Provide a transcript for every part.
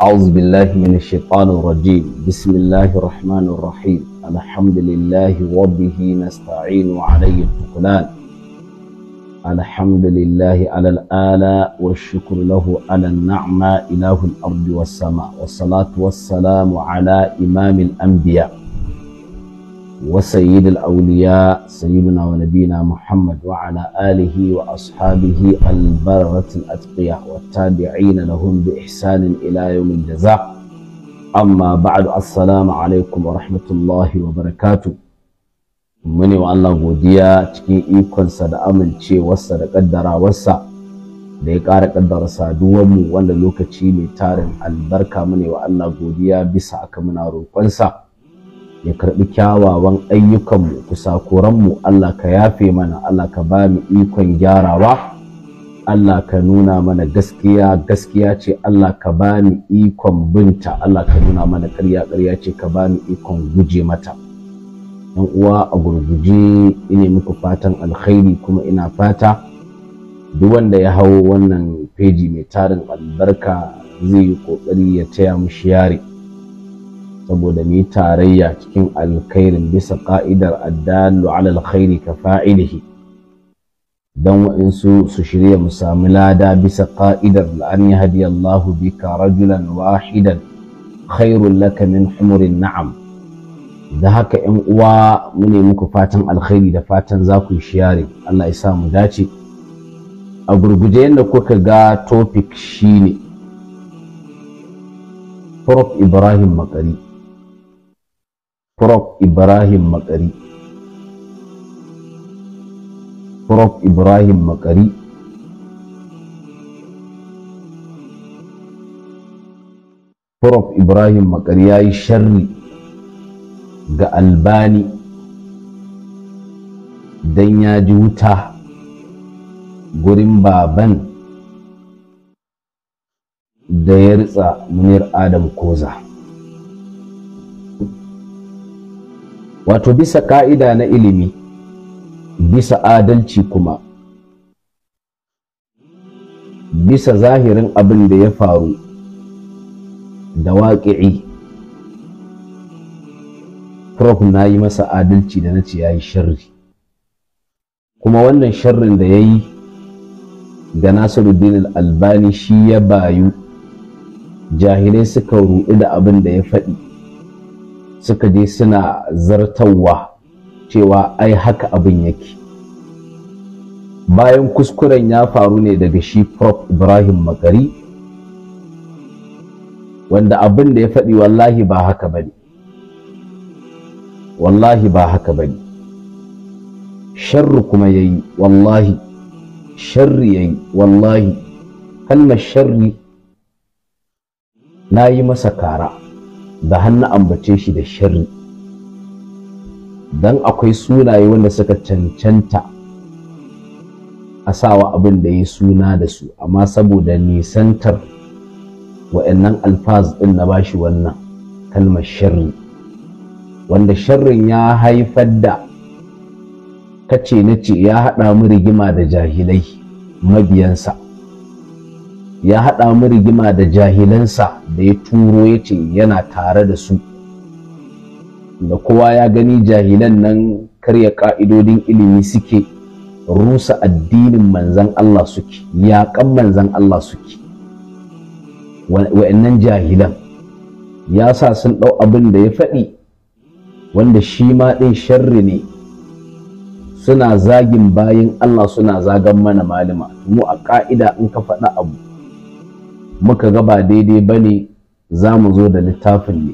أعوذ بالله من الشيطان الرجيم بسم الله الرحمن الرحيم الحمد لله وبه نستعين وعليه التقلان الحمد لله على الآلاء والشكر له على النعمة إله الأرض والسماء والصلاة والسلام على إمام الأنبياء وسيد الأولياء سيدنا ونبينا محمد وعلى آله وأصحابه البررة الأتقياء والتابعين لهم بإحسان إلى يوم الجزاء أما بعد السلام عليكم ورحمة الله وبركاته muni wa Allah godiya cikin ikonsa da amincewarsa da ƙaddarawarsa da ya ƙara kaddara saduwanmu wanda lokaci mai tarin albarka mune wa Allah godiya bisa aka muna roƙonsa ya karbi kyawawan ayyukanmu kusakuranmu Allah ka yafe mana Allah ka ba mu ikon gyarawa Allah ka nuna mana gaskiya gaskiya ce Allah ka ba mu ikon binta Allah ka nuna mana ƙarya ƙarya ce ka ba mu ikon guje mata yan uwa a gurguje ina muku fatan alkhairi kuma ina fata duk wanda ya hau wannan feji mai tarin albarka zai yi ƙoƙari ya taya mu share saboda mu tarayya cikin alkhairin bisa ka'idar addalu ala alkhairi ka fa'ilihi dan waɗansu su shirya mu sami lada bisa ka'idar la'an ya hadiya Allahu bika rajulan wahidan khairun laka min humurin na'am da haka yan uwa mu muku fatan alkhairi da fatan za ku yi Allah ya sa mu dace a gurguje yadda kuka ga topic shine Prof Ibrahim Makari Prof Ibrahim Makari Prof Ibrahim Makari Prof Ibrahim Makari ya yi sharri ga albani don ya ji wuta gurin baban da ya ritsa munir adam koza wato bisa ƙa'ida na ilimi bisa adalci kuma bisa zahirin abin da ya faru da waƙi'i prof na yi masa adalci da na ce ya yi sharri kuma wannan sharrin da ya yi ga nasiruddin albani shi ya bayu jahilai suka ruɗu da abin da ya faɗi suka je suna zartawa cewa ai haka abin yake bayan kuskuren ya faru ne daga shi prof ibrahim makari wanda abin da ya faɗi wallahi ba haka ba ne wallahi ba haka ba ne sharri kuma ya yi wallahi sharri ya yi wallahi kalmar sharri na yi masa kara da hannu ambace shi da shirri don akwai sunaye wanda suka cancanta a sawa abin da ya suna da su amma saboda nisantar wa'annan alfaz ɗin na ba shi wannan kalmar sharri wanda sharrin ya haifar da kace na ce ya haɗa mu rigima da jahilai mabiyansa ya haɗa mu rigima da jahilansa da ya turo ya ce yana tare da su da kowa ya gani jahilan nan karya ƙa'idodin ilimi suke rusa addinin manzan Allah suke yaƙan manzan Allah suke wa'annan jahilan ya sa sun ɗau abin da ya faɗi wanda shi ma ɗin sharri ne suna zagin bayan Allah suna zagan mana malama mu a ƙa'ida in ka faɗa abu muka ga ba daidai ba ne za mu zo da littafin ne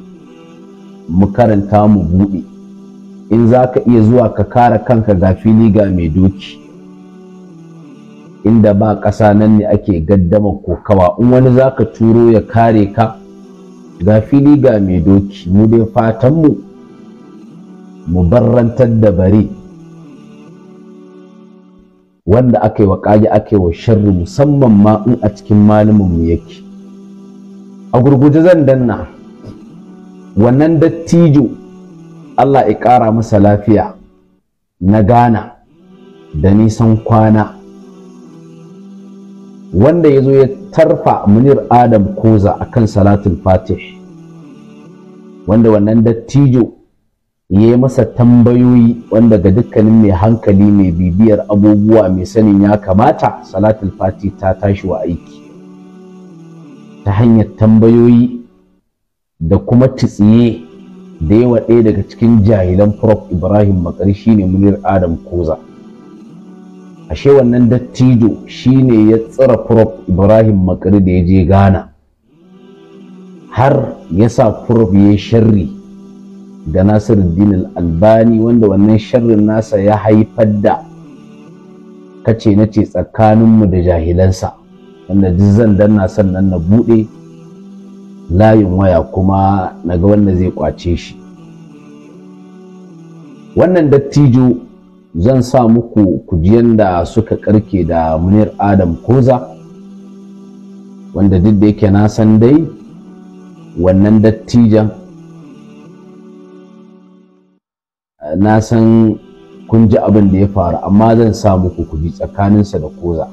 mu karanta mu buɗe in za ka iya zuwa ka kare kanka ga fili ga mai doki inda ba ƙasa nan ne ake gaddama kokawa in wani za ka turo ya kare ka ga fili ga mai doki mu dai fatanmu mu barrantar da bare wanda aka yi wa ƙage aka yi wa sharri musamman ma in a cikin malumin yake a gurguje zan danna wannan dattijo Allah ya ƙara masa lafiya na Ghana da nisan kwana wanda ya zo ya tarfa munir adam koza akan salatul fatih wanda wannan dattijo ya yi masa tambayoyi wanda ga dukkanin mai hankali mai bibiyar abubuwa mai sanin ya kamata salatul fati ta tashi wa aiki ta hanyar tambayoyi da kuma tsiye da yawa ɗaya daga cikin jahilan prof ibrahim makar shi ne munir adam koza ashe wannan dattijo shi ne ya tsira prof ibrahim makar da ya je ghana har ya sa prof ya sharri da Nasiruddin Albani wanda wannan sharrin nasa ya haifar da kace ce tsakaninmu da jahilansa wanda duk zan danna sannan na buɗe layin waya kuma naga wanda zai kwace shi wannan dattijo zan sa muku kujiyan da suka karke da munir adam koza wanda duk da yake na san dai wannan dattijan na san kun ji abin da ya faru amma zan sa muku kuji tsakaninsa da koza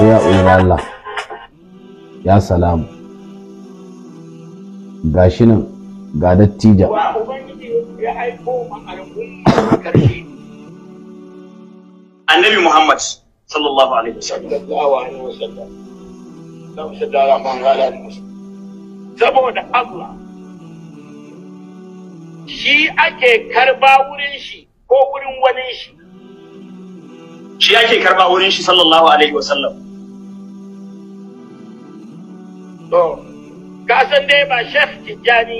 ya Allah ya salamu ga shi nan ga dattija annabi muhammad sallallahu alaihi wasallam saboda Allah shi ake karba wurin shi ko wurin wani shi shi ake karba wurin shi sallallahu alaihi wasallam to kasan dai ba shef tijjani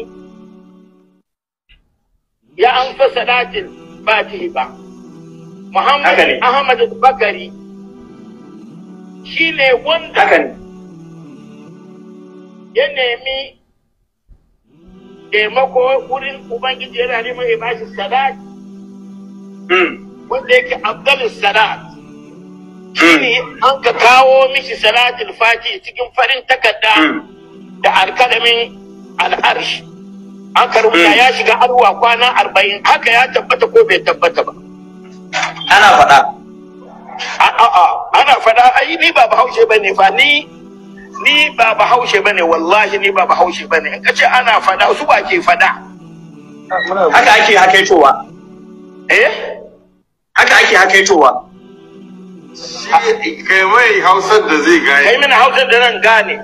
ya an fa salatin fatihi ba muhammad ahmad bakari shi ne wanda ya nemi taimako wurin ubangiji yana neman ya bashi salat hmm. wanda yake abdalin salat hmm. shine an ka kawo mishi salatul fati cikin farin takarda hmm. da alkalamin al'arsh an ka rubuta ya shiga arwa kwana arba'in haka ya tabbata ko bai tabbata ba ana faɗa a'a ana faɗa ai ni ba bahaushe bane fa ni ni ba bahaushe bane wallahi ni ba bahaushe bane in kace ana fada su ba ke fada haka ake towa. eh haka ake towa. kai mai hausar da zai gane kai mini hausar da nan gane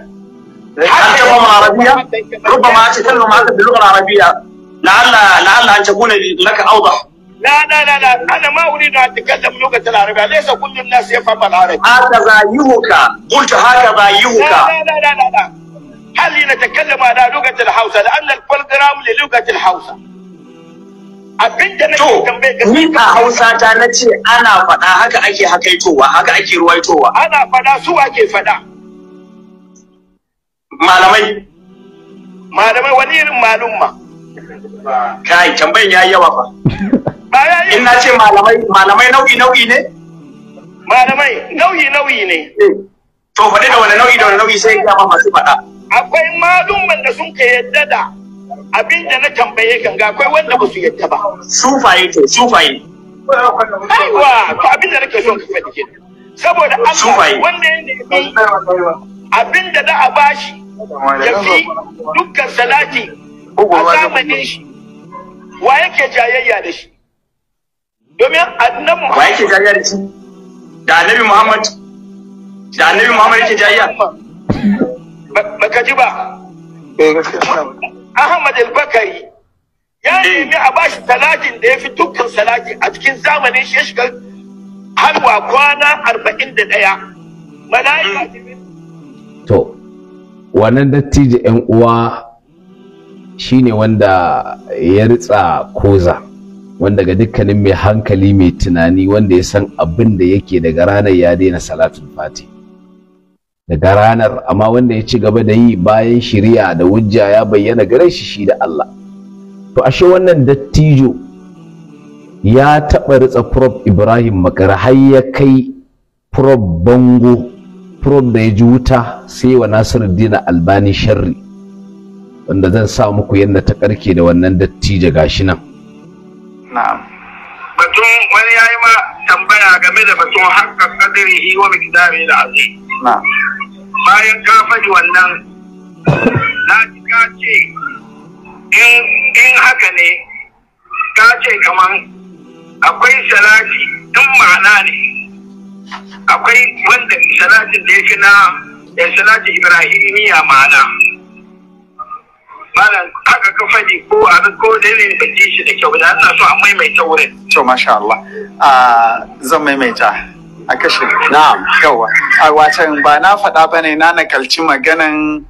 حتى اللغة العربية ربما أتكلم عنك باللغة العربية an لعل أن تكون laka أوضح لا لا لا لا انا ما اريد ان اتكلم لغه العربيه ليس كل الناس يفهم العربي هكذا يهكا قلت هكذا يهكا لا لا لا لا, هل نتكلم على لغه الحوسه لان البروجرام للغه الحوسه abinda ni a Hausa ta nace ana faɗa haka ake hakaitowa haka ake ruwaitowa ana faɗa su ake faɗa malamai malamai wani irin malumma kai tambayin yi yawa fa in na ce malamai nau'i nau'i ne malamai nau'i nau'i ne eh. to faɗi da wani nau'i da wani nau'i sai ya ba masu faɗa akwai malumman da sun ka yadda da abin da na tambaye kan ga akwai wanda ba su yadda ba sufaye to sufaye aiwa to abin da nake son ka faɗi ke! saboda Allah wanda ya nemi abin da da a bashi ya fi dukkan salati a zamanin shi wa yake jayayya da shi domin annabi Muhammad wai ke jariya da shi da annabi Muhammad da annabi Muhammad yake Ba ka ji ba eh, Ahmad al-Bakari ya nemi a bashi talatin da ya fi dukkan salati a cikin zamanin shi ya shiga halwa kwana arba'in da ɗaya to wannan dattijo yan uwa shine wanda ya ritsa koza wanda ga dukkanin mai hankali mai tunani wanda ya san abin da yake daga ranar ya daina salatul fati daga ranar amma wanda ya ci gaba da yi bayan shiriya da wujja ya bayyana gare shi shi da Allah to ashe wannan dattijo ya taɓa ritsa prof Ibrahim makara har ya kai prof bango prof da ya ji wuta sai wa Nasiruddin Albani sharri wanda zan sa muku yanda ta karke da wannan dattijo gashi nan batun wani ya yi ma tambaya game da batun haƙƙa kadirihi wa miqdari da azim bayan ka faɗi wannan na ji ka ce in haka ne ka ce kaman akwai salati in ma'ana ne akwai wanda salatin da ya fi na eh, salatin ibrahimiya ma'ana malam aka ka faɗi ko abin ko da shi da kyau da Allah so a maimaita wurin to masha Allah zan maimaita a kashe na'am yawa a wacan ba na faɗa ne na nakalci maganan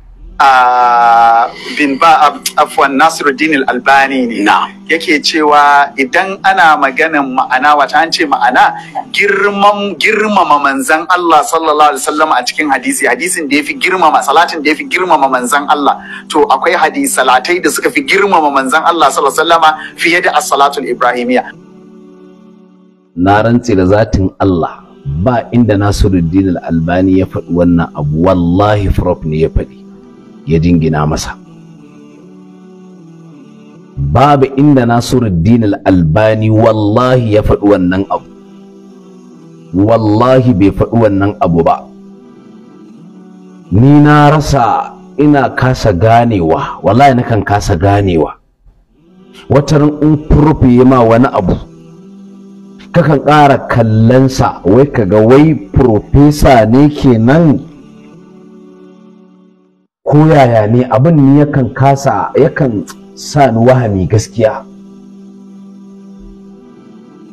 bin ba afwan Nasiruddin albani ne yake cewa idan ana maganan ma'ana wata an ce ma'ana girmama manzan Allah sallallahu alaihi wasallam a cikin hadisi hadisin da fi girmama salatin da yafi girmama manzan Allah to akwai hadisi salatai da suka fi girmama manzan Allah sallallahu fiye da as-salatul ibrahimiyya na rantse da zatin Allah ba inda Nasiruddin al-Albani ya faɗi wannan abu wallahi prof ne ya faɗi ya jingina masa babu inda Nasiruddin al-Albani wallahi ya faɗi wannan abu wallahi bai faɗi wannan abu ba ni na rasa ina kasa ganewa wallahi nakan kasa ganewa Wata watarin in furfi ma wani abu kakan ƙara kallonsa wai kaga wai profesa ne kenan ko yaya ne abin ne yakan kasa yakan sa ni wahami gaskiya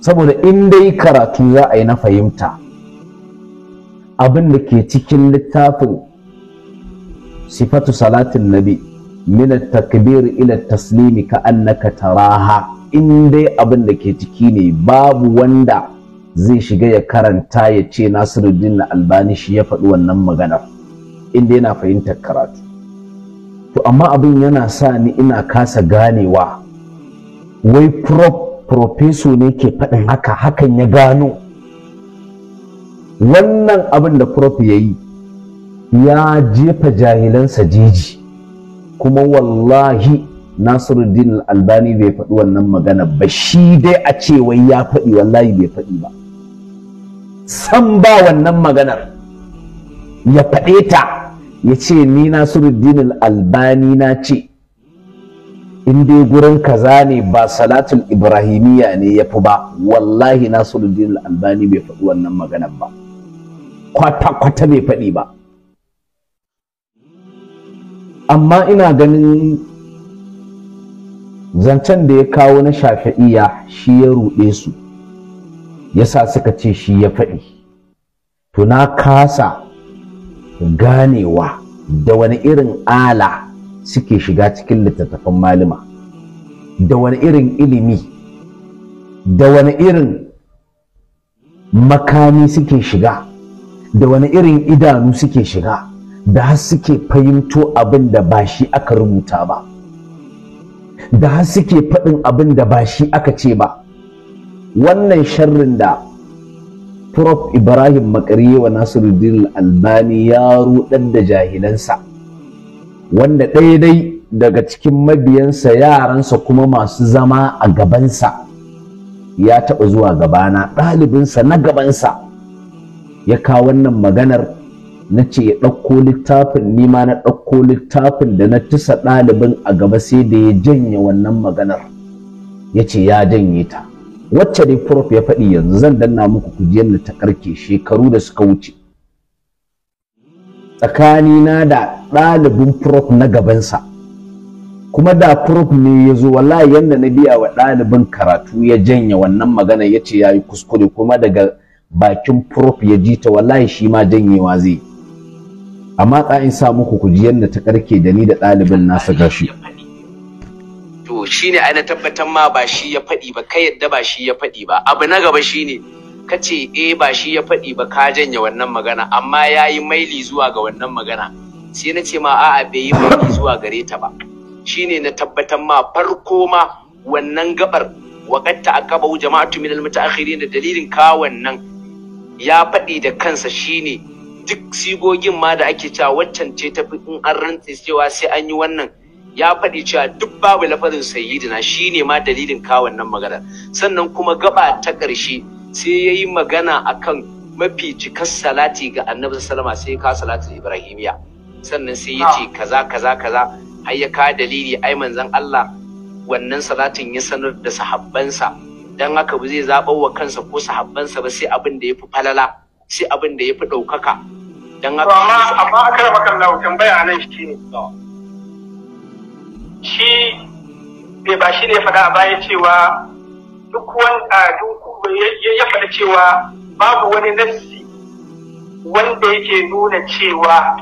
saboda in dai karatu za a yi na fahimta abin da ke cikin littafin sifatu salatin nabi min takbir ila taslimi ka annaka taraha in dai abin da ke ciki ne babu wanda zai shiga ya karanta ya ce nasiruddin albani shi ya faɗi wannan maganar inda yana fahimtar karatu to amma abin yana sa ni ina kasa ganewa wai prof profeso ne ke faɗin haka hakan ya gano wannan abin da prof ya yi ya jefa jahilansa jeji kuma wallahi nasiruddin albani bai faɗi wannan magana ba shi dai a ce wai ya faɗi wallahi bai faɗi ba san ba wannan maganar ya faɗe ta ya ce ni nasiruddin albani na ce in dai gurin kaza ne ba salatul ibrahimiyya ne ya fi ba wallahi nasiruddin albani bai faɗi wannan maganar ba kwata-kwata bai faɗi ba amma ina ganin zancen da ya kawo na shafi'iya shi ya ruɗe su yasa suka ce shi ya faɗi to na kasa ganewa da wani irin ala suke shiga cikin littattafan malama da wani irin ilimi da wani irin makami suke shiga da wani irin idanu suke shiga da har suke fahimto abin da ba shi aka rubuta ba da har suke faɗin abin da ba shi aka ce ba wannan sharrin da Prof Ibrahim Makari wa Nasiruddin Albani ya ruɗar da jahilansa wanda ɗaya dai daga cikin mabiyansa yaransa kuma masu zama a gabansa ya taɓa zuwa gabana ɗalibinsa na gabansa ya kawo wannan maganar na ce ya ɗauko littafin nima na ɗauko littafin da na tisa ɗalibin a gaba sai da ya janye wannan maganar ya ce ya janye ta wacce dai prof ya faɗi yanzu zan danna muku kujiyar da ta karke shekaru da suka wuce Tsakani na da ɗalibin prof na gabansa kuma da prof ne ya zo wallahi yadda na biya wa ɗalibin karatu ya janya wannan magana ya ce ya yi kuskure kuma daga bakin prof ya ji ta wallahi shi ma janyewa zai amma in sa muku kujiyar da ta karke da ni da ɗalibin nasa gashi. shine ai na tabbatar ma ba shi ya faɗi ba kai yadda ba shi ya faɗi ba abu na gaba shine ka ce eh ba shi ya faɗi ba ka janye wannan magana amma ya yi maili zuwa ga wannan magana sai na ce ma a'a bai yi maili zuwa gare ta ba shine na tabbatar ma farko ma wannan gabar aka aqabu jama'atu min al-mutaakhirin da dalilin ka wannan ya faɗi da kansa shine duk sigogin ma da ake cewa waccan ce tafi in an rantse cewa sai an yi wannan ya faɗi cewa duk babu lafazin sayyidina shine ma dalilin kawon nan magana sannan kuma gaba ta ƙarshe sai ya yi magana akan mafi cikas salati ga annabi sallama sai ka salatul ibrahimiya sannan sai ya ce kaza kaza kaza har ya ka dalili ai manzon Allah wannan salatin ya sanar da sahabbansa dan haka ba zai zaɓar wa kansa ko sahabbansa ba sai abin da ya fi falala sai abin da ya fi ɗaukaka dan haka amma amma akara makallahu tambaya nan shi ne shi bai ba shi ne ya faɗa a baya cewa duk wanda ya faɗa cewa babu wani nassi wanda yake nuna cewa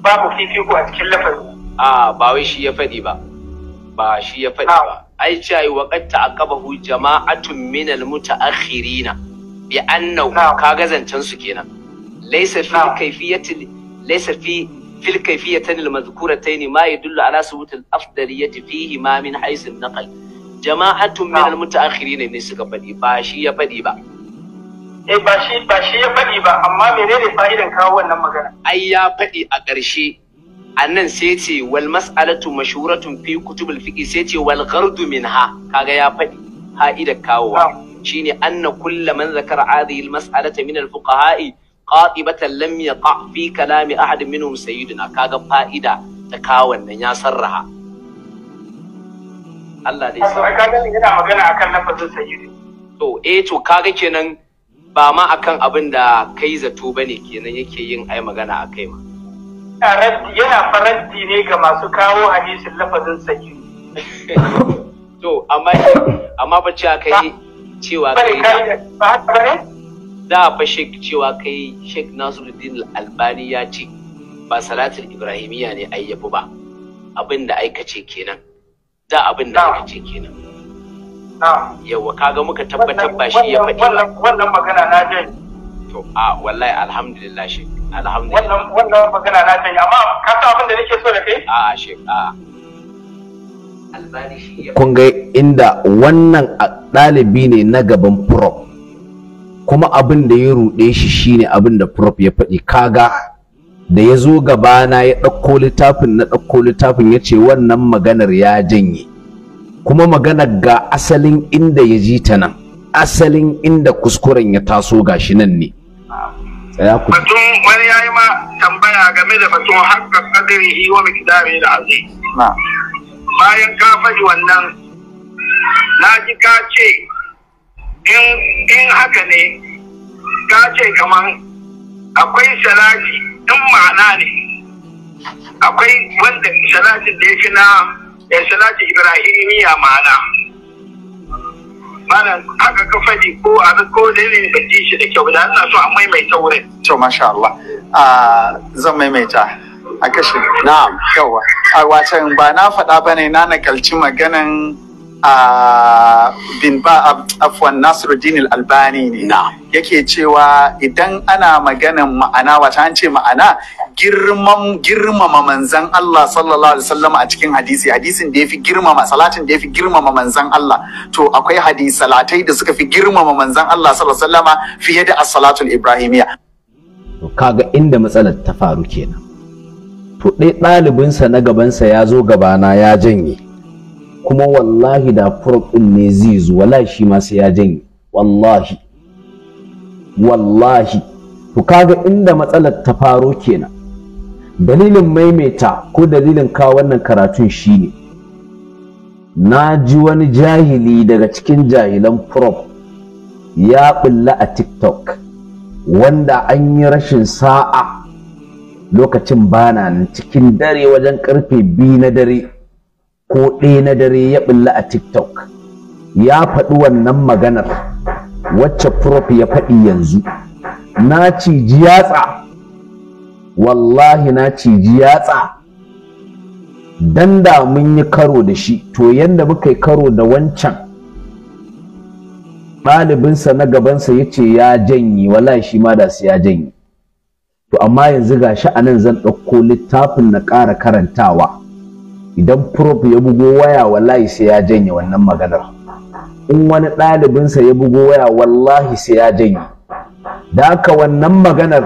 babu fifiko a cikin lafazi. A ba wai shi ya faɗi ba, ba shi ya faɗi ba. Ai cewa wa qad ta'aqabahu jama'atun min al-muta'akhirina bi annahu ka zancen su kenan. Laysa fi kayfiyatil laysa fi fil kayfiyatayn al-madhkuratayn ma yadullu ala subut al-afdaliyati fihi ma min hayth an-naql jama'atun min al-mutaakhirin ne suka fadi ba shi ya fadi ba ba shi ya fadi ba amma menene fa'idan kawo wannan magana ai ya fadi a ƙarshe annan sai ce wal mas'alatu mashhuratun fi kutubul fiqh sai ce wal ghardu minha kaga ya fadi kawowa shine anna kullu man zakara mas'alata min al qatibatan lam yaqa fi kalami ahad minhum sayyidina kaga fa'ida ta kawon nan ya sarraha Allah dai sai kaga yana magana akan lafazin sayyidi to eh to kaga kenan ba ma akan abin da kai zato bane kenan yake yin ai magana akai ma yana faranti ne ga masu kawo hadisin lafazin sayyidi to amma amma ba cewa kai cewa kai ba haka da fa shek cewa kai shek nasiruddin albani ya ce ba salatul ibrahimiyya ne ayyabu ba abin da aikace kenan da abin da aikace kenan yawa kaga muka tabbatar ba shi ya faɗi ba wannan magana na jai to a wallahi alhamdulillah shek alhamdulillah wannan wannan magana na jai amma ka san abin da nake so da kai a shek a kun ga inda wannan ɗalibi ne na gaban prop kuma abin da ya ruɗe shi shine abin da prof ya faɗi kaga da ya zo gabana ya ɗauko littafin na ɗauko littafin ya ce wannan maganar ya janye kuma maganar ga asalin inda ya ji ta nan asalin inda kuskuren ya taso ga shi nan ne batun wani ya yi ma tambaya game da batun haƙƙa yi wa miqdari da azim bayan ka faɗi wannan na ji ka ce in haka ne ta ce kaman akwai salati in ma'ana ne akwai wanda salatin da ya fi na ya eh, salati ibrahimiya ma'ana mana haka ka faɗi ko a ko da ne ban shi da kyau da ana so a maimaita wurin to masha Allah zan maimaita a kashe na'am yawa a wacan ba na faɗa bane na nakalci maganan Ah, bin ba ah, afwan Nasiruddin albani ne yake cewa idan ana maganan ma'ana wata an ce ma'ana girmama manzan Allah sallallahu alaihi wasallam a cikin hadisi hadisin da fi girmama salatin da ya fi girmama manzan Allah to akwai hadisi salatai da suka fi girmama manzan Allah sallallahu alaihi wasallam fiye da as-salatul ibrahimiyya to kaga inda matsalar ta faru kenan to dai ɗalibinsa na gabansa ya zo gabana ya janye kuma wallahi da furuk din ne zai zo wallahi shi ma sai ya janye wallahi wallahi to kaga inda matsalar ta faro kenan dalilin maimaita ko dalilin kawo wannan karatun shine na ji wani jahili daga cikin jahilan prof ya bulla a tiktok wanda an yi rashin sa'a lokacin bana cikin dare wajen karfe biyu na dare ko ɗaya na dare ya bulla a tiktok ya faɗi wannan maganar wacce prof ya faɗi yanzu na ciji yatsa wallahi na ciji yatsa dan da mun yi karo da shi to yadda muka yi karo da wancan ɗalibinsa na gabansa ya ce ya janye wallahi shi ma da su ya janye to amma yanzu ga shi anan zan ɗauko littafin na ƙara karantawa idan prof ya bugo waya wallahi sai ya janye wannan maganar in wani ɗalibinsa ya bugo waya wallahi sai ya janye da haka wannan maganar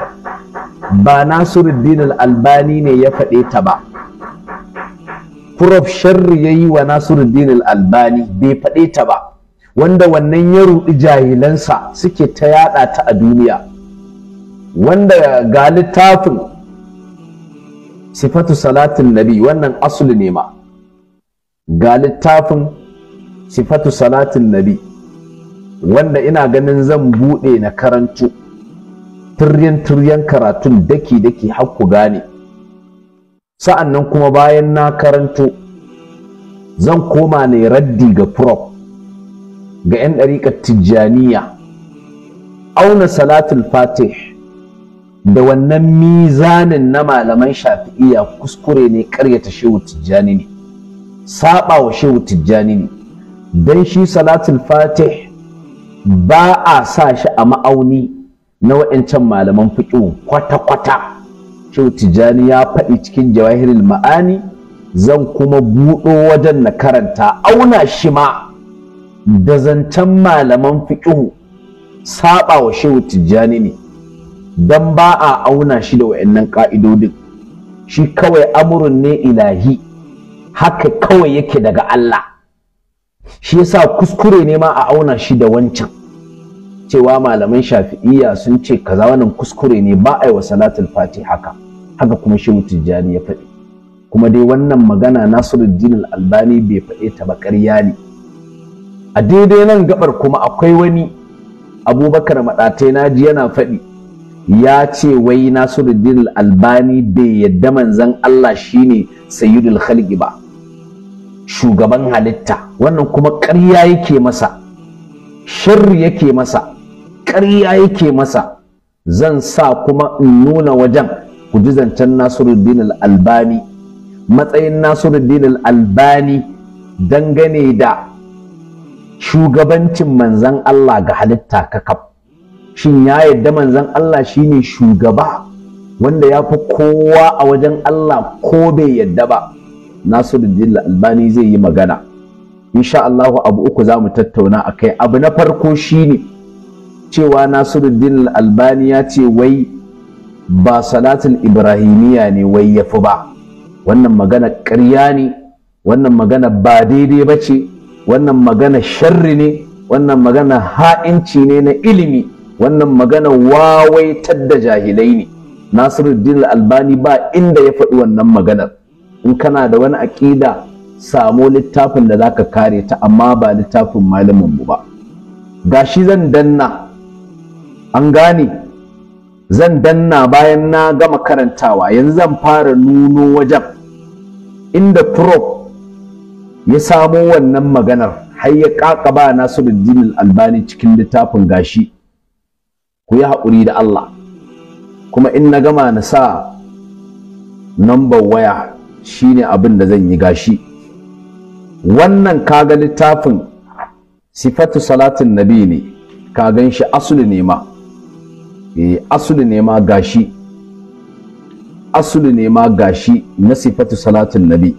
ba nasiruddin al-albani ne ya faɗe ta ba prof sharri ya yi wa nasiruddin al-albani bai faɗe ta ba wanda wannan ya ruɗi jahilansa suke ta yaɗa ta a duniya wanda ga littafin sifatu salatin nabi wannan asuli ne ma ga littafin sifatu salatin nabi wanda ina ganin zan buɗe na karantu tiryan-tiryan karatun daki-daki ku gane sa'annan kuma bayan na karanto zan koma ne raddi ga prof ga 'yan ɗariƙar tijjaniya auna salatul fatih da wannan mizanin na malaman shafi'iya kuskure ne karyata shehu tijjani ne saba wa shehu tijjani ne don shi salatul fatih ba a sa shi a ma'auni na wa'ancan malaman fiƙi kwata-kwata shehu tijjani ya faɗi cikin jawahirin ma'ani zan kuma buɗo wajen na karanta auna shi ma da zancen malaman fiƙihu saba wa shehu tijjani ne don ba a auna shi da wa'annan ƙa'idodin shi kawai amurin ne ilahi haka kawai yake daga Allah shi yasa kuskure ne ma a auna shi da wancan cewa malaman shafi'iyya sun ce kaza wannan kuskure ne ba a yi wa salatul fati haka haka kuma shi tijjani ya faɗi kuma dai wannan magana nasiruddin al-albani bai faɗe ta ba ƙarya ne a daidai nan gabar kuma akwai wani abubakar maɗatai naji yana faɗi ya ce wai Nasiruddin Albani bai yadda manzan Allah shine sayyidul khalqi ba shugaban halitta wannan kuma ƙarya yake masa shirri yake masa ƙarya yake masa zan sa kuma in nuna wajen ku ji zancen Nasiruddin Albani matsayin Nasiruddin Albani dangane da shugabancin manzan Allah ga halitta ka kakaf shin ya yadda manzon Allah shine shugaba wanda ya fi kowa a wajen Allah ko bai yadda ba da Albani zai yi magana insha Allah abu uku za mu tattauna a kai. abu na farko shine cewa da Albani ya ce wai ba salatul Ibrahimiyya ne wai ya fi ba wannan magana ƙarya ne wannan magana ba daidai ba ce wannan magana sharri ne wannan magana ha'inci ne na ilimi wannan magana wawaitar da jahilai ne nasiruddin albani ba inda ya faɗi wannan maganar in kana da wani aƙida samo littafin da zaka kare ta amma ba littafin malamin mu ba gashi zan danna an gane zan danna bayan na gama karantawa yanzu zan fara nuno wajen inda prof ya samo wannan maganar har ya Nasiru nasiruddin albani cikin littafin gashi ku yi haƙuri da Allah kuma in na gama na sa nambar waya shine abin da zan yi gashi wannan kaga littafin sifatu salatin nabi ne ka gan shi asuli ne ma eh, asuli ne ma gashi asuli ne ma gashi na sifatu salatin nabi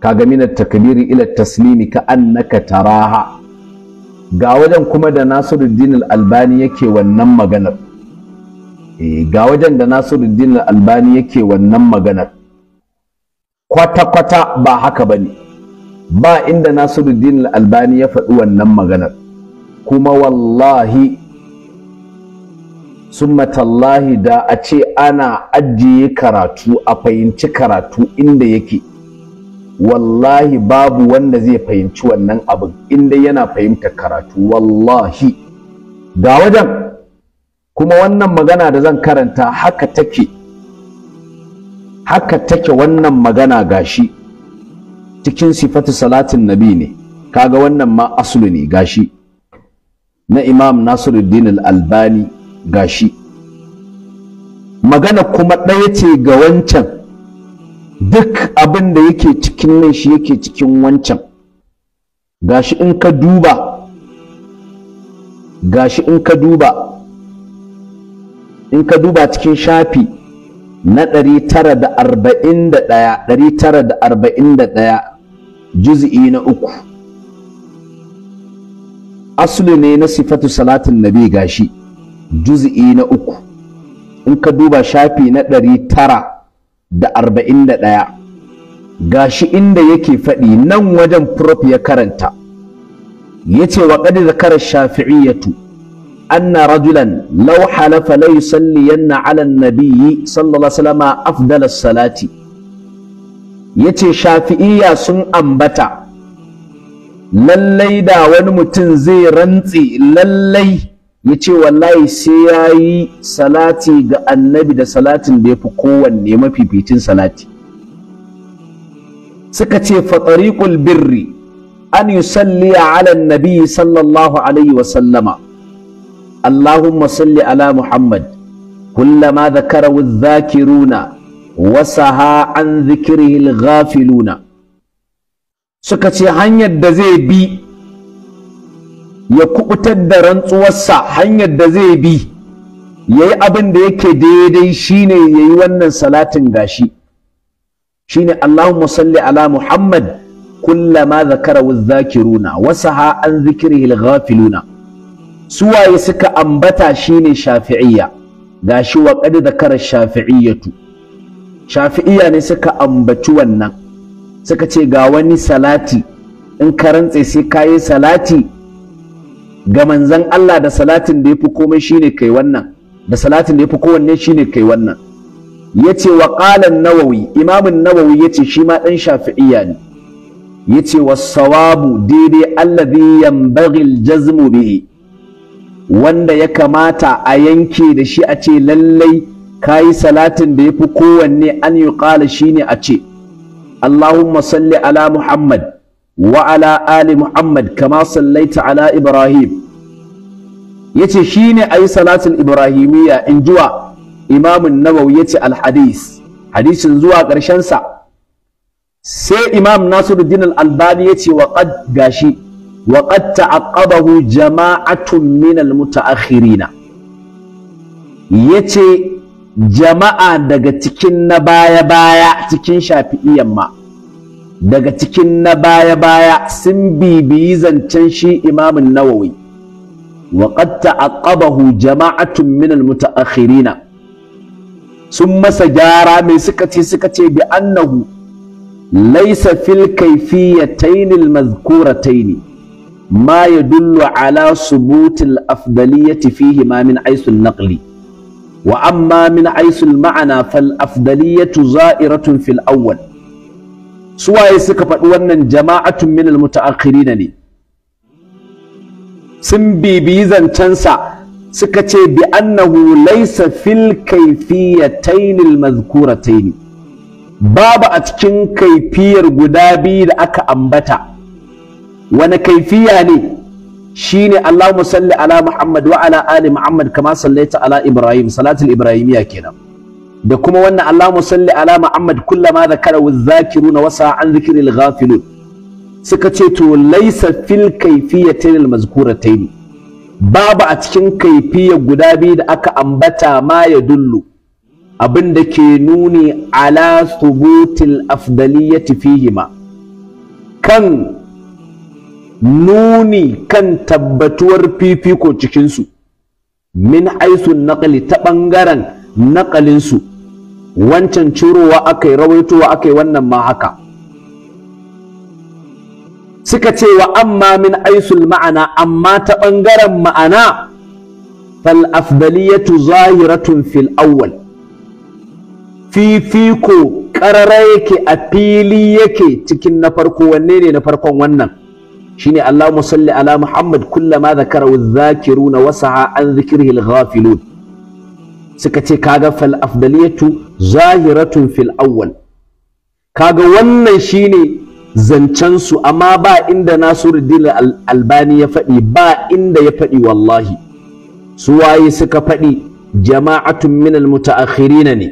kaga minar takbiri ila taslimi ka annaka taraha ga wajen kuma da Nasiruddin al-Albani yake wannan maganar eh, ga wajen da Nasiruddin al-Albani yake wannan maganar kwata-kwata ba haka ba ne. ba inda Nasiruddin al-Albani ya faɗi wannan maganar kuma wallahi summa matallahi da a ce ana ajiye karatu a fahimci karatu inda yake wallahi babu wanda zai fahimci wannan abin inda yana fahimtar karatu wallahi ga wajen kuma wannan magana da zan karanta haka take haka take wannan magana gashi cikin sifatu salatin nabi ne kaga wannan ma asulu ne gashi na imam nasiruddin al-albani gashi magana kuma ɗaya ce ga wancan duk abin da yake cikin nan shi yake cikin wancan gashi in ka duba gashi in ka duba in ka duba cikin shafi na 941 941 juz'i na uku asli ne na sifatu salatin nabi gashi juz'i na uku in ka duba shafi na ɗari tara da arba'in da ɗaya gashi inda yake faɗi nan wajen prof ya karanta ya ce wa ƙadi zakarar shafi'iyyatu anna rajulan law halafa la yusalliyanna ala nabiyyi sallallahu alaihi wasallam afdal salati yace shafi'iyya sun ambata lallai da wani mutum zai rantsi lallai ya ce wallahi sai ya yi salati ga annabi da salatin da ya fi kowanne mafificin salati suka ce fatsariƙul birri an yi salliya alan nabi sallallahu alaihi wasallama allahumma salli ala muhammad كلما ذكره الذاكرون وسها عن ذكره الغافلون suka ce hanyar da zai bi ya kubutar da rantsuwarsa hanyar da zai bi Ya yi abin da yake daidai shine yi wannan salatin gashi ne Allahumma Musalli ala Muhammad kullama zakarahu runa, wasu ha an dhikrihi al Su suwaye suka ambata shine Shafi'iyya gashi wa qad zakara Shafi'iyyatu Shafi'iyya ne suka ambaci wannan suka ce ga wani salati in ka rantse sai kayi salati ga manzan Allah da salatin da ya fi komai ne kai wannan da salatin da ya fi kowanne shine kai wannan ya ce wa ƙalan nawawi imamin nawawi ya ce shi ma ɗan shafi'iyya ne ya ce wa sawabu daidai Allah zai yambaghi jazmu bihi wanda ya kamata a yanke da shi a ce lallai ka yi salatin da ya fi kowanne an yi ƙala shine a ce Allahumma salli ala Muhammad وعلى آل محمد كما صليت على إبراهيم يتي شيني أي صلاة الإبراهيمية إن جوا إمام النووي يتي الحديث حديث زوا قرشنسا سي إمام ناصر الدين الألباني يتي وقد قاشي وقد تعقبه جماعة من المتأخرين yace jama'a daga cikin na baya-baya cikin shafi'iyan ma daga cikin na baya-baya sun bibiyi zancen shi imamun nawawi wa qad jama'atun min al-muta'akhirina sun masa gyara mai suka ce suka ce bi annahu laysa fil kayfiyatayn al-madhkuratayn ma yadullu ala subut al-afdaliyyati fihi ma min aisu naqli wa amma min aisu ma'ana fal-afdaliyyatu za'iratun fil awwal suwaye suka faɗi wannan jama'atun min akirina ne sun bibiyi zancensa suka ce bi annahu laysa fil kayfiyatayn almadhkuratayn babu a cikin kaifiyar guda biyu da aka ambata wani kaifiya ne shine Allahumma salli ala Muhammad wa ala ali Muhammad kama sallaita ala Ibrahim salatul ibrahimiyya kenan da kuma wannan Allahumma salli ala Muhammad kullama zakara wa zakiruna wasa an zikril ghafilun suka ce to laysa fil kayfiyatin al-mazkuratayn babu a cikin kaifiya guda biyu da aka ambata ma ya dullu abin da ke nuni ala thubutil afdaliyati fihima kan nuni kan tabbatuwar fifiko cikinsu min aisun naƙali ta ɓangaren naƙalinsu wancan cirowa aka yi rawaitowa aka yi wannan ma haka suka ce wa amma min aisul ma'ana amma ta ɓangaren ma'ana fal afdaliyatu zahiratun fil awwal fifiko ƙarara yake a fili yake cikin na farko wanne ne na farkon wannan shine allah salli ala Muhammad kullama zakara adh-dhakiruna wasaha an zikirhi al-ghafilun suka ce kaga fal afdaliyatu zahiratun fil awwal kaga wannan shine zancen su amma ba inda Nasiruddin Albani ya faɗi ba inda ya faɗi wallahi su waye suka faɗi jama'atun min almutaakhirina ne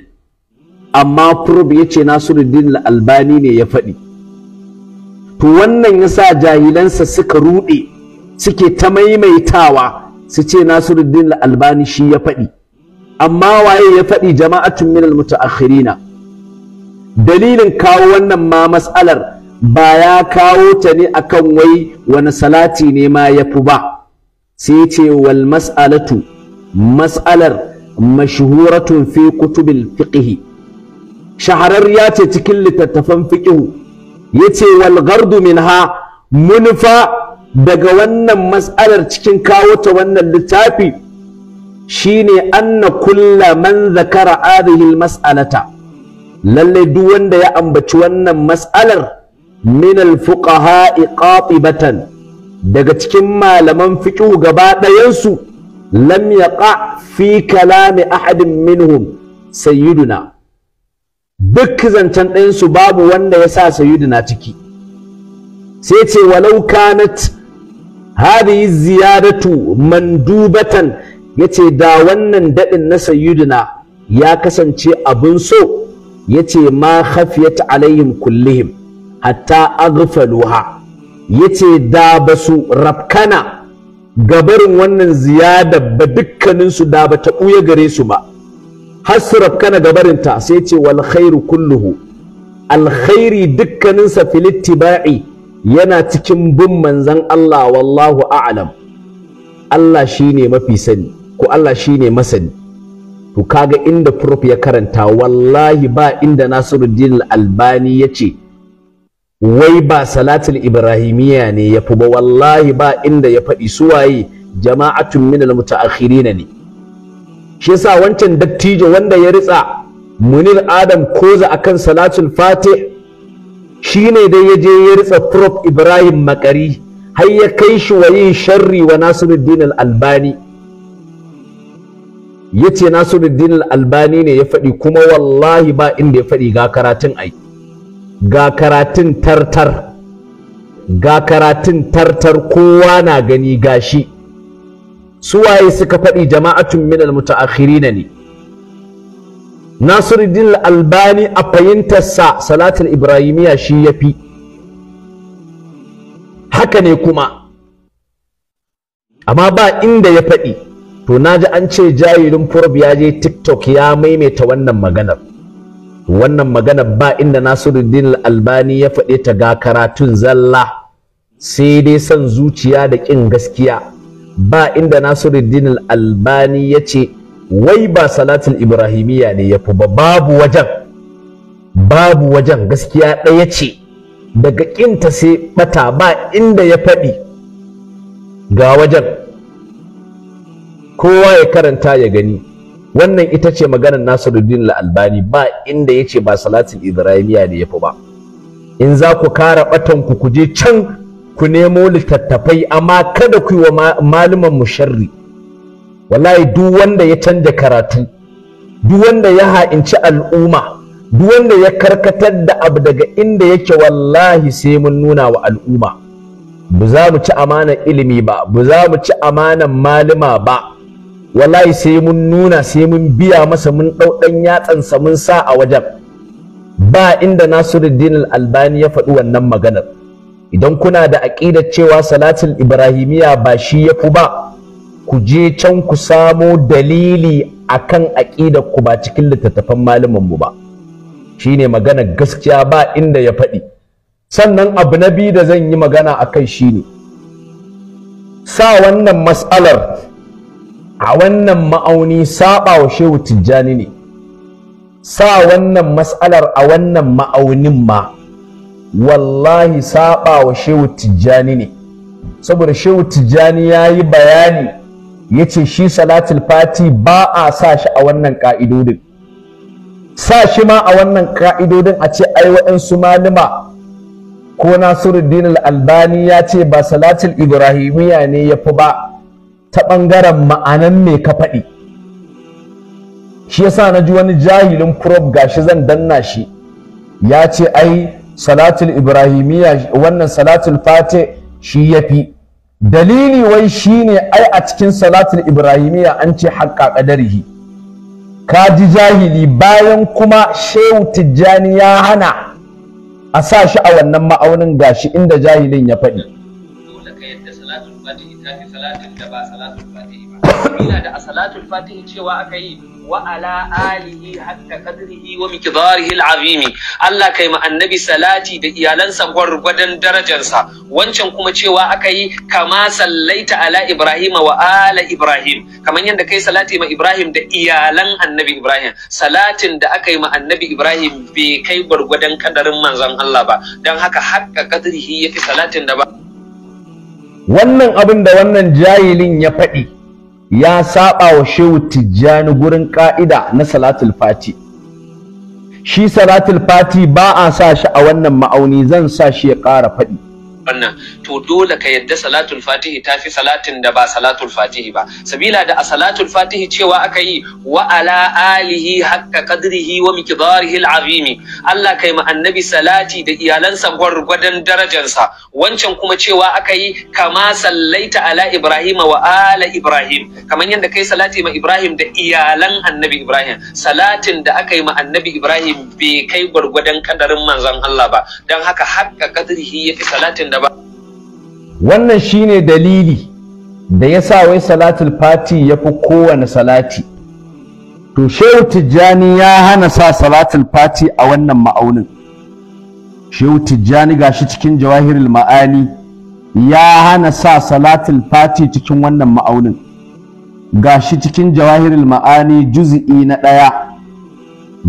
amma Furb yace Nasiruddin Albani ne ya faɗi to wannan yasa jahilansa suka ruɗe suke ta maimaitawa su ce Nasiruddin Albani shi ya faɗi amma waye ya faɗi jama'atun minal mutaakhirina dalilin kawo wannan ma mas'alar ba ya kawo ta ne akan wai wani salati ne ma ya fi ba sai ce wal mas'alatu mas'alar mashhuratun fi kutubil fiqhi shahararriya ce cikin littattafan fiqhu yace wal gardu minha munfa daga wannan mas'alar cikin kawo ta wannan littafi shine anna kulla man zakara hadhihi mas'alata lalle duk wanda ya ambaci wannan mas'alar min al-fuqaha qatibatan daga cikin malaman fiqh gaba ɗayansu lam yaqa fi kalami ahadin minhum sayyiduna duk zancen ɗayansu babu wanda ya sa sayyiduna ciki sai ce walau kanat hadhihi ziyadatu mandubatan ya ce da wannan daɗin na Sayyidina ya kasance abin so ya ce ma khafiyat alaihim kullihim hatta aghfaluha ya ce da ba su rafkana gabarin wannan ziyada ba dukkaninsu da ba ta ɓuya gare su ba har su rafkana gabarinta sai ce wal khairu kulluhu alkhairi dukkaninsa filittiba'i yana cikin bin manzan Allah wallahu a'lam Allah shi ne mafi sani ko Allah shi ne masani to kaga inda prof ya karanta wallahi ba inda Nasiruddin Albani ya ce. wai ba salatul ibrahimiyya ne ya fi ba wallahi ba inda ya faɗi su suwaye jama'atun minal muta'akhirina ne shi yasa wancan dattijo wanda ya ritsa munir adam koza akan salatul fatih ne dai ya je ya ritsa prof ibrahim makari har ya kai shi wa yin sharri wa nasiruddin al-albani Ya ce Nasiruddin al-Albani ne ya faɗi kuma wallahi ba inda ya faɗi ga karatun ai ga karatun tartar ga karatun tartar kowa na gani gashi suwaye suka faɗi jama'atun min al-muta'akhirina ne Nasiruddin al-Albani a fahimtarsa salatul ibrahimiya shi yafi haka ne kuma amma ba inda ya faɗi to na ji an ce jayirin furb ya je tiktok ya maimaita wannan maganar wannan maganar ba inda nasiruddin albani ya faɗe ta ga karatun zalla sai dai son zuciya da ƙin gaskiya ba inda nasiruddin albani ya ce wai ba salatul ibrahimiyya ne ya fi ba babu wajen babu wajen gaskiya ɗaya ce daga ƙinta sai ɓata ba inda ya faɗi ga wajen kowa ya karanta ya gani wannan ita ce maganar Nasiruddin Al-Albani ba inda ya ce ba salatul da ne fi ba in za ku kara batan ku kuje can ku nemo littattafai amma kada ku yi wa malaman mu sharri wallahi duk wanda ya canja karatu duk wanda ya ha'inci al'umma duk wanda ya karkatar da abu daga inda yake wallahi sai mun nuna wa al'umma ba za mu ci amanan ilimi ba ba za mu ci amanan malama ba wallahi sai mun nuna sai mun biya masa mun dan yatsan yatsansa mun sa a wajen ba inda Nasiruddin al-Albani ya faɗi wannan maganar idan kuna da aƙidar cewa salatul ibrahimiya ba shi ya fi ba ku je can ku samo dalili akan aƙidar ku ba cikin littattafan malamin mu ba shine maganar gaskiya ba inda ya faɗi sannan abu na biyu da zan yi magana akai shine sa wannan mas'alar a wannan ma'auni saba wa shehu tijjani ne sa wannan matsalar a wannan ma'aunin ma wallahi saba wa shehu tijjani ne saboda shehu tijjani ya yi bayani ya ce shi salatul fati ba a sa shi a wannan ka'idodin sa shi ma a wannan ka'idodin a ce ai waɗansu malima ko nasiruddin al-albani ya ce ba salatul ibrahimiyya ne ya fi ba ta ɓangaren ma'anan me ka faɗi shi yasa na ji wani jahilin prof gashi zan danna shi ya ce ai salatul ibrahimiyya wannan salatul fate shi ya fi dalili wai shine ai a cikin salatul ibrahimiyya an ce haƙƙa ƙadarihi ka ji jahili bayan kuma shehu tijjani ya hana a sa shi a wannan ma'aunin gashi inda jahilin ya faɗi tashi salatin da ba salatul fatihi ba ina da fatihi cewa aka yi wa ala alihi hatta qadrihi wa miqdarihi al'azim Allah kai ma annabi salati da iyalansa gwargwadon darajarsa wancan kuma cewa aka yi kama sallaita ala ibrahima wa ala ibrahim kamar yadda kai salati ma ibrahim da iyalan annabi ibrahim salatin da aka yi ma annabi ibrahim bai kai gwargwadon kadarin manzon Allah ba don haka haƙƙa qadrihi yafi salatin da ba wannan abin da wannan jahilin ya faɗi ya saba wa shehu tijjani gurin ƙa'ida na salatul fati shi salatul fati ba a sa shi a wannan ma'auni zan sa shi ya ƙara faɗi wannan to dole ka yadda salatul fatihi ta fi salatin da ba salatul fatihi ba sabila da a salatul fatihi cewa aka yi wa ala alihi haqqa qadrihi wa miqdarihi al'azimi Allah kai ma annabi salati da iyalansa gwargwadon darajarsa wancan kuma cewa aka yi kama sallaita ala ibrahim wa ala ibrahim kamar yadda kai salati ma ibrahim da iyalan annabi ibrahim salatin da aka yi ma annabi ibrahim bai kai gwargwadon kadarin manzon Allah ba don haka haqqa qadrihi yafi salatin da ba wannan shine dalili da ya sa wai salatul fati ya fi kowane salati to shehu tijjani ya hana sa salatul fati a wannan ma'aunin shehu tijjani gashi cikin jawahirul ma'ani ya hana sa salatul fati cikin wannan ma'aunin gashi cikin jawahirul ma'ani juzi'i na ɗaya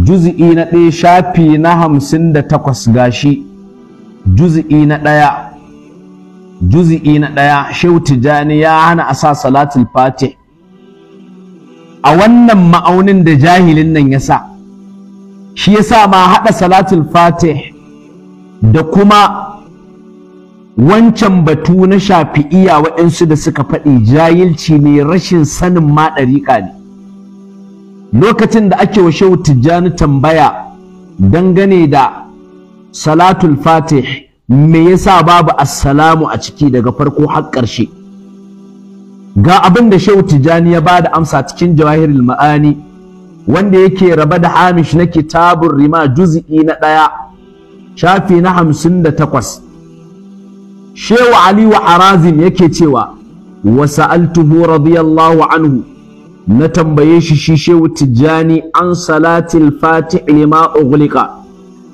juzi'i na ɗaya shafi na hamsin da takwas gashi juzi'i na ɗaya juz'i na ɗaya shehu tijani ya hana a sa salatul fatih a wannan ma'aunin da jahilin nan ya sa shi ya sa ma haɗa salatul fatih da kuma wancan batu na shafi'iya waɗansu da suka faɗi jahilci ne rashin sanin ma ɗariƙa ne lokacin da ake wa shehu Jani tambaya dangane da salatul fatih me yasa babu assalamu a ciki daga farko har ƙarshe ga abin da shehu tijani ya bada amsa cikin jawahirul ma'ani wanda yake raba da hamish na kitabun rima juz'i na ɗaya shafi na hamsin da takwas shehu ali wa arazim yake cewa wa sa'altuhu radiyallahu anhu na tambaye shi shi shehu tijani an salatil Fatih lima ughliqa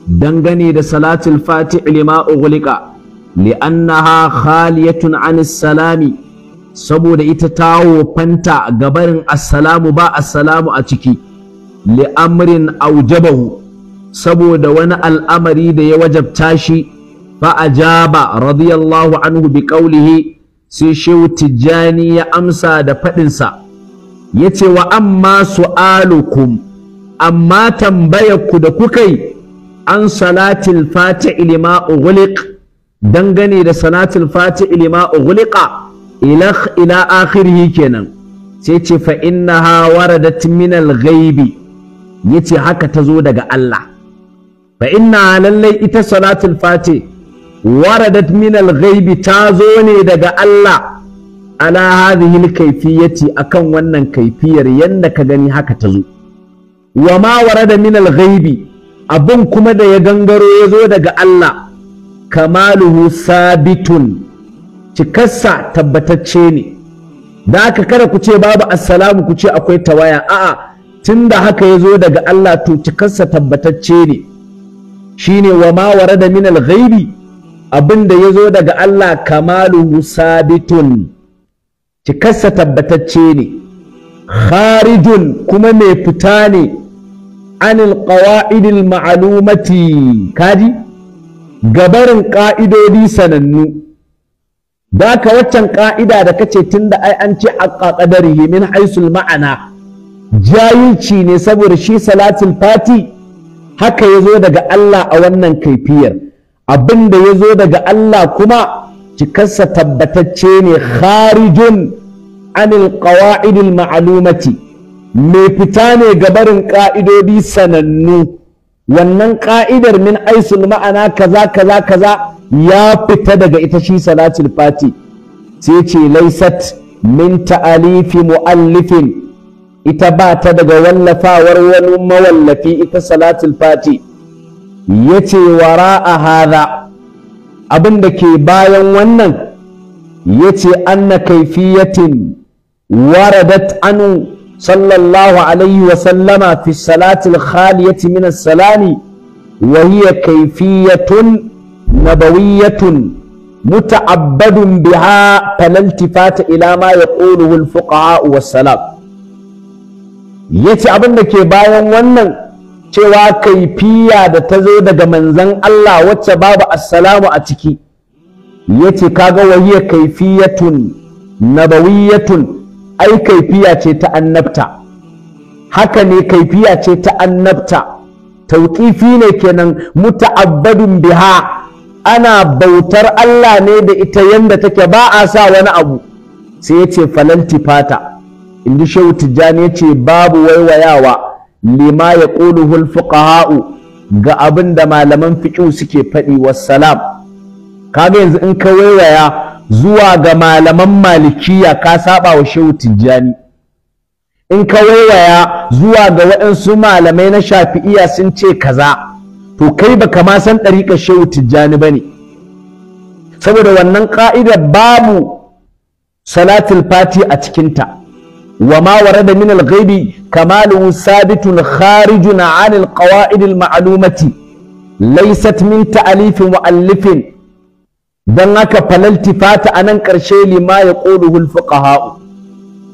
dangane da salatul fati' lima ughliqa li'annaha khaliyatun anis salami saboda ita tawo fanta gabarin assalamu ba assalamu a ciki li amrin aujabahu saboda wani al'amari da ya wajabta shi fa ajaba radiyallahu anhu bi qawlihi sai shehu tijjani ya amsa da faɗinsa ya ce wa amma su'alukum amma ku da kukai an salatil fati'i lima ughliq dangane da salatil fati'i ilima ughliqa ila ila akhirih kenan sai ce fa innaha waradat min al-ghaibi yace haka ta zo daga Allah fa inna lallai ita salatul fati waradat min al-ghaibi ta zo ne daga Allah ala hadhihi al-kayfiyati akan wannan kaifiyar yanda ka gani haka ta zo wa ma warada min al-ghaibi abin kuma da ya gangaro ya zo daga Allah kamaluhu sabitun cikarsa tabbatacce ne da aka kada ku ce babu assalamu ku ce akwai tawaya a'a tun da haka ya zo daga Allah to cikarsa tabbatacce ne Shi ne wa ma warada da minal ghaibi abin da ya zo daga Allah kamaluhu sabitun cikarsa tabbatacce ne kharijun kuma mai fita ne anil qawa'idil ma'alumati kaji gabarin ƙa'idodi sanannu baka ka waccan ƙa'ida da kace tunda ai an ce aqqa qadarihi min haisul ma'ana jayinci ne saboda shi salatul fati haka ya zo daga Allah a wannan kaifiyar abinda ya zo daga Allah kuma cikarsa tabbatacce ne kharijun anil qawa'idil ma'alumati mai fita ne ga barin ƙa'idodi sanannu wannan ƙa'idar min aisul ma'ana kaza kaza kaza ya fita daga ita shi salatul fati sai ce laisat min ta'alifi mu'allifin ita ba ta daga wallafawar wani mawallafi ita salatul fati wara a hadha abin da ke bayan wannan yace na kaifiyatin waradat anu صلى الله عليه وسلم في الصلاة الخالية من السلام وهي كيفية نبوية متعبد بها فلا التفات إلى ما يقوله الفقهاء والسلام yace abin da ke bayan wannan cewa kaifiya da ta zo daga manzon Allah wacce babu assalamu a ciki yace kaga wahiya kaifiyatun nabawiyyatun? ai kaifiya ce ta annabta haka ne kaifiya ce ta annabta tauƙifi ne kenan muta'abbadun biha ana bautar Allah ne da ita yanda take ba a sa wani abu sai ya ce falanti fata inda shehu tijjani ya ce babu waiwayawa lima ya hulfu ƙaha'u ga abin da malaman fiƙi suke faɗi wassalam kaga yanzu in ka waiwaya zuwa ga malaman malikiya ka saba wa shehu tijjani in ka waiwaya zuwa ga waɗansu malamai na shafi'iya sun ce kaza to kai baka ma san ɗariƙar shehu tijjani ba ne saboda wannan ƙa'idar babu salatul fati a cikinta wa ma warada min al-ghaibi kamalu sabitun kharijun anil al-qawa'id al-ma'lumati laysat min ta'alifin wa don haka falaltifata a nan ƙarshe lima ya ƙoruhul fuqaha'u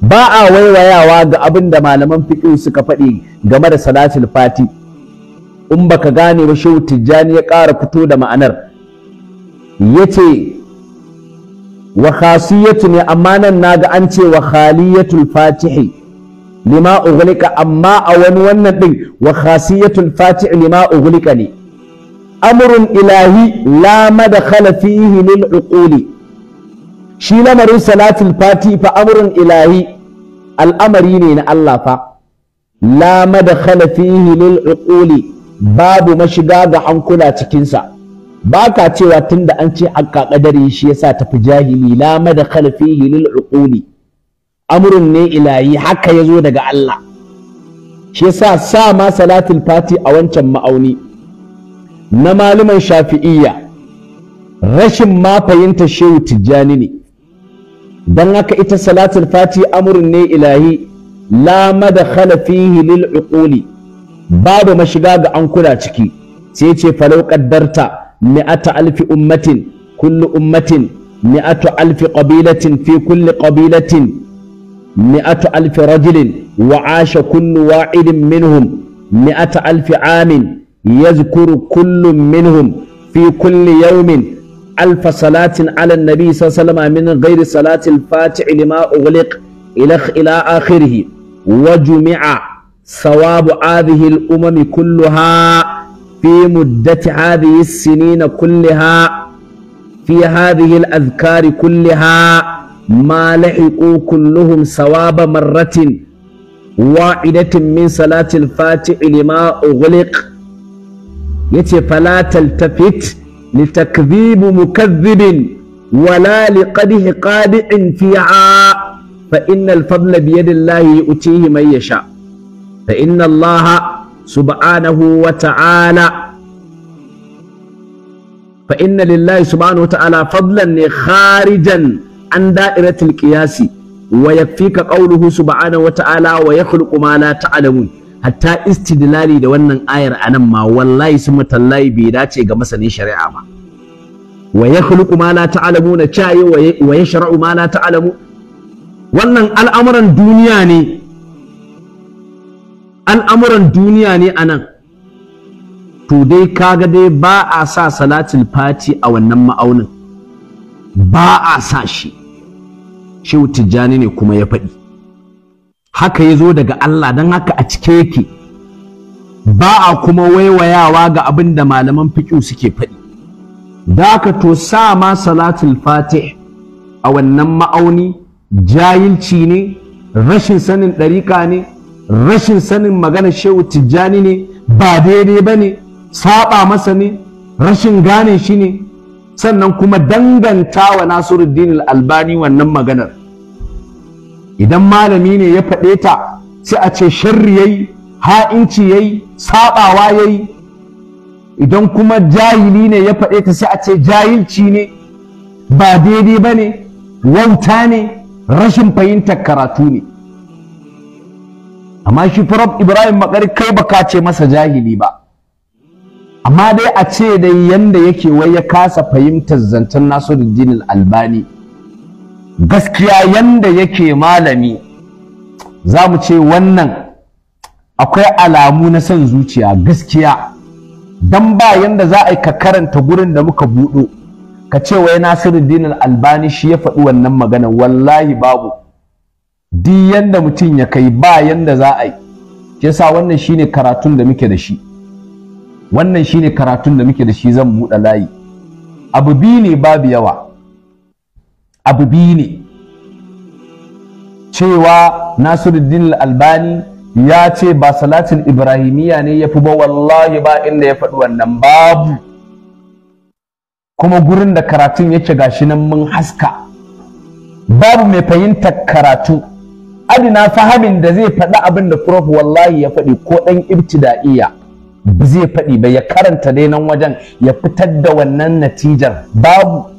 ba a waiwayawa ga abin da malaman fiƙi suka faɗi game da salatul fati in baka gane ba shehu tijjani ya ƙara fito da ma'anar yace wa khasiyatu ne amma nan naga an ce wa khaliyatul fatihi lima ughliqa amma a wani wannan din wa khasiyatul fatihi lima ughliqa ne amrun ilahi la madkhala fihi lil uquli shi lamarin salatul fati fa amrun ilahi al'amari ne na Allah fa la madkhala fihi lil uquli babu mashiga ga hankula cikinsa ba ka cewa tunda an ce akka kadari shi yasa tafi jahili la madkhala fihi lil uquli amrun ne ilahi haka ya zo daga Allah shi sa ma salatul fati a wancan ma'auni na malaman shafi'iyya rashin ma fahimta shehu tijjani ne don haka ita salatul fati amurin ne ilahi la madakhala fihi lil uquli babu mashiga ga an kula ciki sai ce falau qaddarta mi'ata alfi ummatin kullu ummatin mi'atu alfi qabilatin fi kulli qabilatin mi'atu alfi rajulin wa asha kullu wa'idin minhum mi'ata alfi amin يذكر كل منهم في كل يوم ألف صلاة على النبي صلى الله عليه وسلم من غير صلاة الفاتح لما أغلق إلى آخره وجمع ثواب هذه الأمم كلها في مدة هذه السنين كلها في هذه الأذكار كلها ما لحقوا كلهم ثواب مرة واحدة من صلاة الفاتح لما أغلق Ya yace fala taltafit li takdhibu mukaththibin wala li qadhi qadi'in fi'a fa innal fadla bi yadillahi yu'tihi man yasha fa inna allaha subhanahu wa ta'ala fa inna lillahi subhanahu wa ta'ala fadlan ni kharijan an da'iratil qiyasi wa yakfika qawluhu subhanahu wa ta'ala wa yakhluqu ma la ta'lamun hatta istidlali da wannan ayar anan ma wallahi su matallahi bai dace ga masanin shari'a ba wa yakhluqu ma la ta'lamuna chai wa yashra'u ma la ta'lamu wannan al'amuran duniya ne al'amuran duniya ne anan to dai kaga dai ba a sa salatul fati a wannan ma'aunin ba a sa shi shehu tijjani ne kuma ya faɗi haka ya zo daga Allah don haka a cike yake ba a kuma waiwayawa ga abin da malaman fiƙi suke faɗi da aka to sa ma salatul fatih a wannan ma'auni jahilci ne rashin sanin ɗariƙa ne rashin sanin maganar shehu tijjani ne ba daidai ba ne saɓa masa ne rashin gane shi ne sannan kuma dangantawa wa Nasiruddin albani wannan maganar idan malami ne ya faɗe ta sai a ce sharri yayi ha'inci yayi ya yayi idan kuma jahili ne ya faɗe ta sai a ce jahilci ne ba daidai ba ne wauta ne rashin fahimtar karatu ne amma shi farab ibrahim makari kai ba ka ce masa jahili ba amma dai a ce dai yanda yake wai ya kasa fahimtar zancen nasu albani gaskiya yanda yake malami za mu ce wannan akwai alamu na son zuciya gaskiya don ba yanda za a yi ka karanta gurin da muka buɗo ka ce wai dinar albani shi ya faɗi wannan magana wallahi babu duk yanda mutum ya kai ba yanda za a yi yasa wannan shine karatun da muke da shi wannan shine karatun da muke da shi zan buɗe layi abu biyu ne babu yawa abu biyu ne cewa nasiruddin albani ya ce ba salatin ibrahimiyya ne ya fi ba wallahi ba inda ya faɗi wannan babu kuma gurin da karatun yake gashi nan mun haska babu mai fahimtar karatu adina fahimin da zai faɗi abin da prof wallahi ya faɗi ko ɗan ibtida'iya zai faɗi ba ya karanta dai nan wajen ya fitar da wannan natijar babu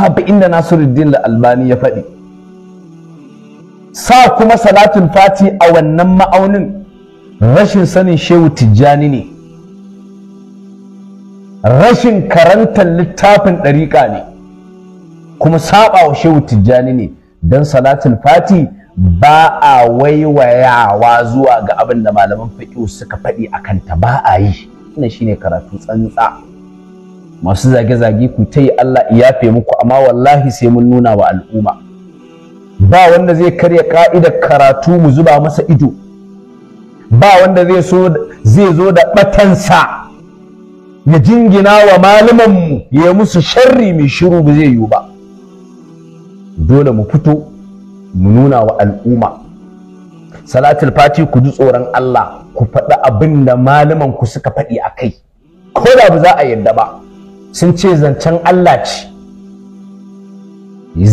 babu inda Nasiruddin Al-Albani ya faɗi sa kuma Salatin fati a wannan ma'aunin rashin sanin shehu tijjani ne rashin karantar littafin ɗariƙa ne kuma saɓa wa shehu tijjani ne don Salatin fati ba a waiwayawa zuwa ga abin da malaman fiƙi suka faɗi a kanta ba a yi wannan shine karatu tsantsa masu zage-zage ku ta yi Allah iyafe muku amma wallahi sai mun nuna wa al'umma ba wanda zai karya ka'idar karatu mu zuba masa ido ba wanda zai zo da batansa ya jingina wa malamanmu ya yi musu sharri mai shiru ba zai yiwu ba dole mu fito mu nuna wa al'umma salatul fati ku ji tsoron Allah ku faɗi abin da malaman suka faɗi a kai ko da ba za a yadda ba sun ce zancen Allah ce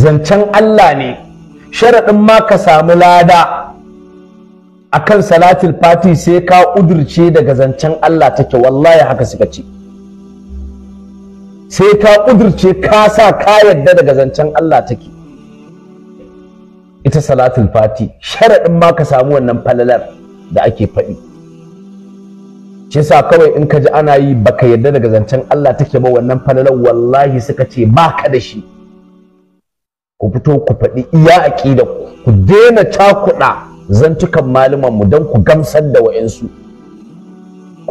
zancen Allah ne sharaɗin ma ka samu lada a kan salatul fati sai ka ƙudurce daga zancen Allah take wallahi haka suka ce sai ka ƙudurce ka sa ka yadda daga zancen Allah take ita salatul fati sharaɗin ma ka samu wannan falalar da ake faɗi shi yasa kawai in ka ji ana yi baka yarda daga zancen Allah take ba wannan falalar wallahi suka ce ba ka da shi ku fito ku faɗi iya aƙida ku daina cakuɗa zantukan malumanmu don ku gamsar da wa'insu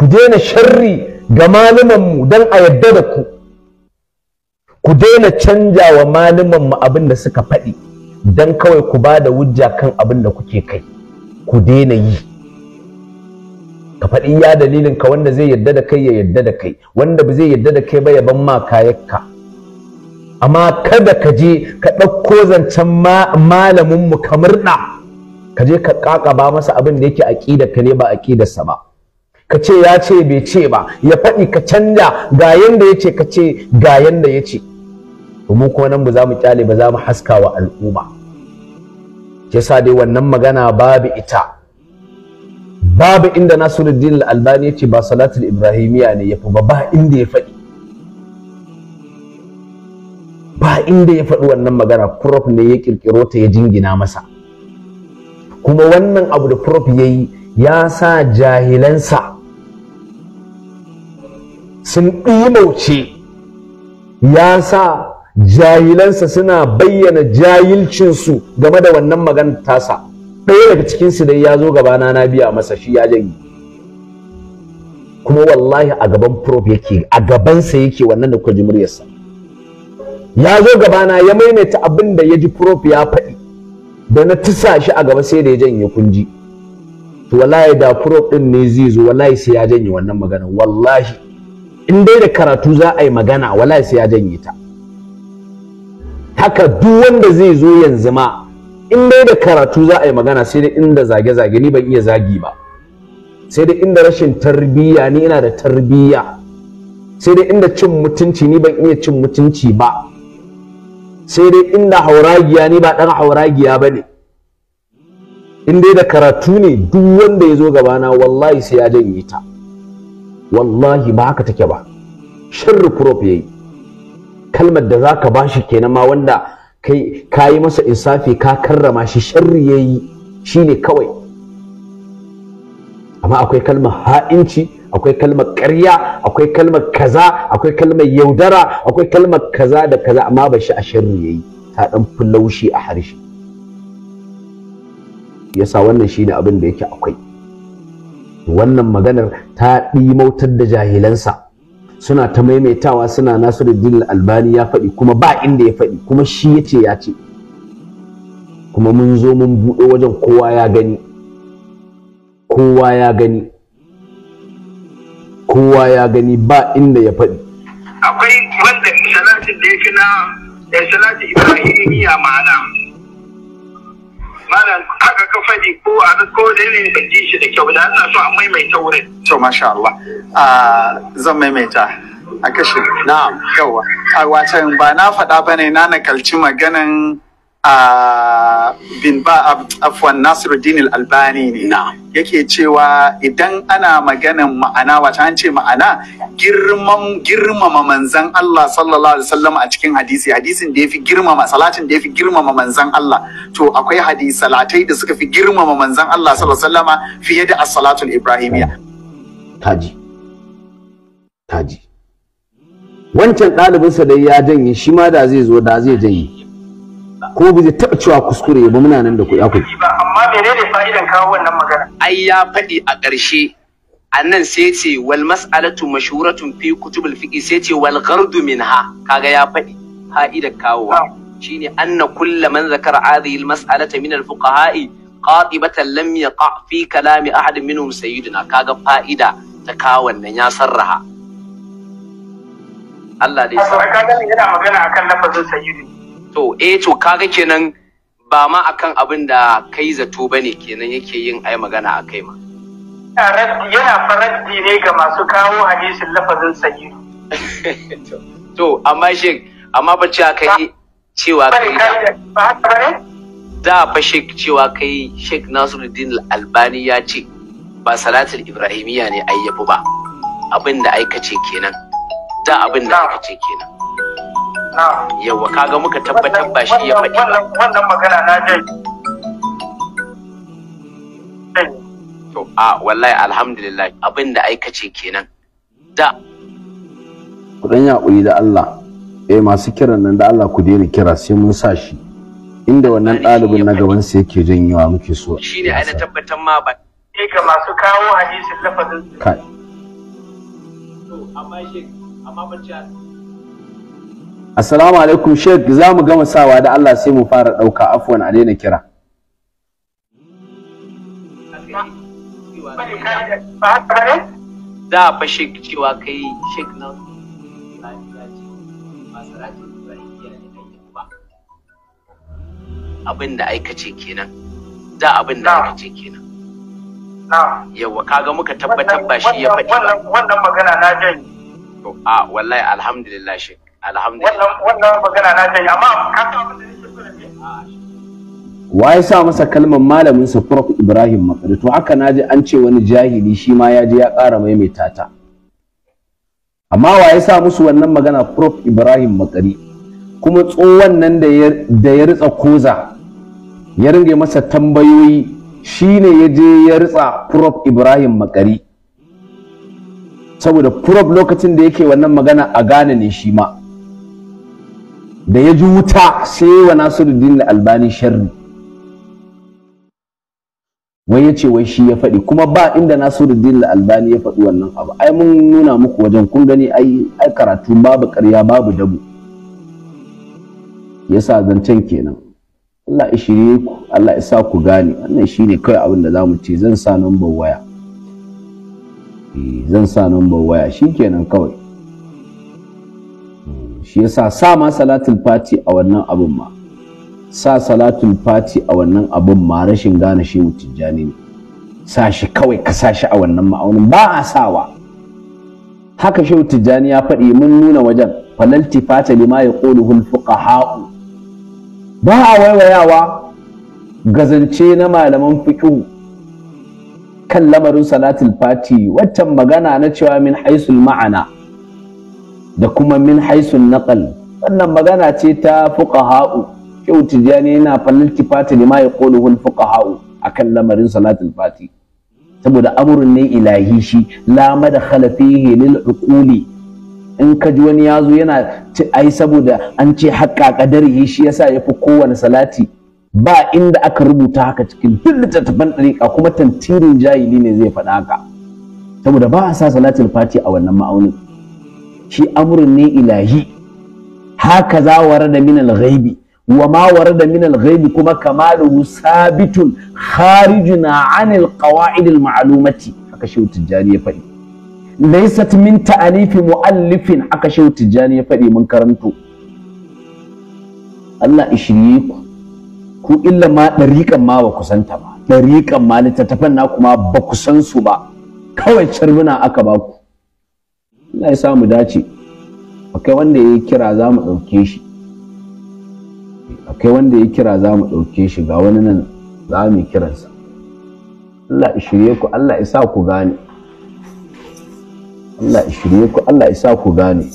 ku daina sharri ga malumanmu don a yarda da ku ku daina canja wa malumanmu abin da suka faɗi don kawai ku ba da wujja kan abin da kuke kai ku daina yi ka faɗi ya dalilin ka wanda zai yadda da kai ya yadda da kai wanda ba zai yadda da kai ba ya ban ma kayakka amma kada ka je ka ɗauko zancen malamin mu ka murna, ka je ka ƙaƙaba masa abin da yake aƙidar ka ne ba aƙidarsa ba ka ce ya ce bai ce ba ya faɗi ka canja ga yanda ya ce ka ce ga yanda ya ce mu kuma nan ba za mu kyale ba za mu haska wa al'umma yasa dai wannan magana babu ita babu inda Nasiruddin al-Albani yace ba salatul ibrahimiya ne yafi ba ba inda ya faɗi ba inda ya faɗi wannan magana prof ne ya kirkiro ta ya jingina masa kuma wannan abu da prof ya yi ya sa jahilansa sun ɗimauce ya sa jahilansa suna bayyana jahilcinsu game da wannan magana tasa ɗaya daga cikin su dai ya zo gabana na biya masa shi ya janye kuma wallahi a gaban prof yake a gabansa yake wannan da kuka ji muryarsa ya zo gabana ya maimaita abin da ya ji prof ya faɗi da na tisa shi a gaba sai da ya janye kunji to wallahi da prof din ne zai zo wallahi sai ya janye wannan magana wallahi in dai da karatu za a yi magana wallahi sai ya janye ta haka duk wanda zai zo yanzu ma in dai da karatu za a yi magana sai dai inda zage-zage ni ban iya zagi ba sai dai inda rashin tarbiyya ni ina da tarbiyya sai dai inda cin mutunci ni ban iya cin mutunci ba sai dai inda hauragiya ni ba ɗan hauragiya ba ne in dai da karatu ne duk wanda ya zo gabana wallahi sai ya janye ta wallahi ba haka take ba sharri prof yayi kalmar da zaka bashi kenan ma wanda kai ka yi masa insafi ka karrama shi sharri ya yi shi ne kawai amma akwai kalmar ha'inci akwai kalmar ƙarya akwai kalmar kaza akwai kalmar yaudara akwai kalmar kaza da kaza amma ba shi a sharri ya yi ta ɗan fi a harshe yasa wannan shine abin da yake akwai wannan maganar ta ɗimautar da jahilansa suna ta maimaitawa suna Nasiruddin Albani ya faɗi kuma ba inda ya faɗi kuma shi ya ce ya ce kuma mun zo mun buɗe wajen kowa ya gani kowa ya gani kowa ya gani ba inda ya faɗi akwai wanda salatin da ya fi na eh, salatin ibrahimiyya ma'ana malam haka ka faɗi ko a ko da ne ban shi da kyau da Allah so an maimaita wurin to masha Allah zan maimaita a kashe na'am yawa a watan ba na faɗa bane na nakalci maganan bin ba afwan Nasiruddin al-Albani ne yake cewa idan ana maganan ma'ana wata an ce ma'ana girman girmama manzan Allah sallallahu alaihi wasallam a cikin hadisi hadisin da yafi girmama salatin da yafi girmama manzan Allah to akwai hadisi salatai da suka fi girmama manzan Allah sallallahu alaihi wasallama fiye da as-salatul taji taji wancan ɗalibinsa dai ya janye shi ma da zai zo da zai janye ko ba zai taɓa cewa kuskure ba muna nan da ya akwai. amma menene fa'idan kawo wannan magana. ai ya faɗi a ƙarshe annan sai ce wal mas'alatu mashhuratun fi kutubul fiqi sai ce wal ghardu minha kaga ya faɗi fa'idar kawo ah. shine anna kulla man zakara hadhihi al mas'alata min al fuqaha'i qatibatan lam yaqa fi kalami ahad minhum sayyidina kaga fa'ida ta kawo wannan ya sarraha Allah dai sa. Kaga yana magana akan lafazin sayyidina to eh to kaga kenan ba ma akan abin da kai zato bane kenan yake yin ai magana akai ma yana faraddi ne ga masu kawo hadisin lafazin sahihu to amma shi amma ba aka kai cewa kai da fa shi cewa kai shek Nasiruddin Albani ya ce ba salatul Ibrahimiyya ne ayyabu ba abin da aikace kenan da abin da aikace kenan yawa kaga muka tabbatar ba shi ya faɗi ba wannan magana na dai to a wallahi alhamdulillah abin da aikace kenan da kudan yaƙuri da Allah eh masu kiran nan da Allah ku daina kira sai mun sa shi inda wannan ɗalibin na gaban sa yake janyewa muke so shine ai na tabbatar ma ba eh ga masu kawo hadisin lafazin kai amma shi amma ban assalamu alaikum Sheikh! za mu gama sawa da Allah sai mu fara ɗauka afuwan a daina kira za a fa cewa kai Sheikh na abin da aikace kenan za abin da aikace kenan yawa kaga muka tabbatar ba shi ya faɗi ba wannan magana na jani a wallahi alhamdulillah Sheikh. alhamdulillah wa ya sa masa kalmar malamin sa Prof Ibrahim Makari to haka naji an ce wani jahili shi ma ya je ya ƙara maimaita ta amma wa ya sa musu wannan magana Prof Ibrahim Makari kuma tsohon nan da ya ritsa koza ya ringe masa tambayoyi shine ya je ya ritsa Prof Ibrahim Makari saboda Prof lokacin da yake wannan magana a gane ne shi ma da ya ji wuta sai wa Nasiruddin Albani sharri wai ya ce wai shi ya faɗi kuma ba inda Nasiruddin Albani ya faɗi wannan abu ai mun nuna muku wajen kun gani ai ai karatu babu ƙarya babu dabu yasa zancen kenan Allah ya shirye ku Allah ya sa ku gane wannan shine kai abin da zamu ce zan sa number waya eh, zan sa number waya shikenan kawai shi yasa sa ma salatul fati a wannan abin ma sa salatul fati a wannan abin ma rashin gane shi tijjani ne sa shi kawai ka sa shi a wannan ma'aunin ba a sawa haka shi tijjani ya faɗi mun nuna wajen falalti fata lima ya ƙoluhul fuqaha'u ba a waiwayawa gazance na malaman fiƙihu kan lamarin salatul fati waccan magana na cewa min haisul ma'ana da kuma min haisun naqal wannan magana ce ta fuqaha'u kyau tijjani yana fannin tifati ma ya quluhu fuqaha'u akan lamarin salatul fati saboda amurin ne ilahi shi la madkhala fihi lil uquli in ka ji wani ya zo yana ai saboda an ce haƙƙa yi shi yasa ya fi kowane salati ba inda aka rubuta haka cikin duk littattafan ɗariƙa kuma tantirin jahili ne zai faɗa haka saboda ba a sa salatul fati a wannan ma'aunin shi amrun ne ilahi haka za da min al-ghaibi wa ma warada min al-ghaibi kuma kamaluhu sabitun kharijun na al-qawaid al-ma'lumati haka shehu tijjani ya faɗi laysat min ta'alifi mu'allifin haka shehu tijjani ya faɗi mun karanto Allah ishirye ku ku illa ma ɗariƙan ma ba ku ba ɗariƙan ma littattafan na kuma ba ku su ba kawai carbuna aka ba ku Allah ya samu dace akwai wanda ya kira za mu ɗauke shi akwai wanda ya kira za mu ɗauke shi ga wani nan za mu kiransa Allah ya shirye ku Allah ya sa ku gane Allah ya shirye ku Allah ya sa ku gane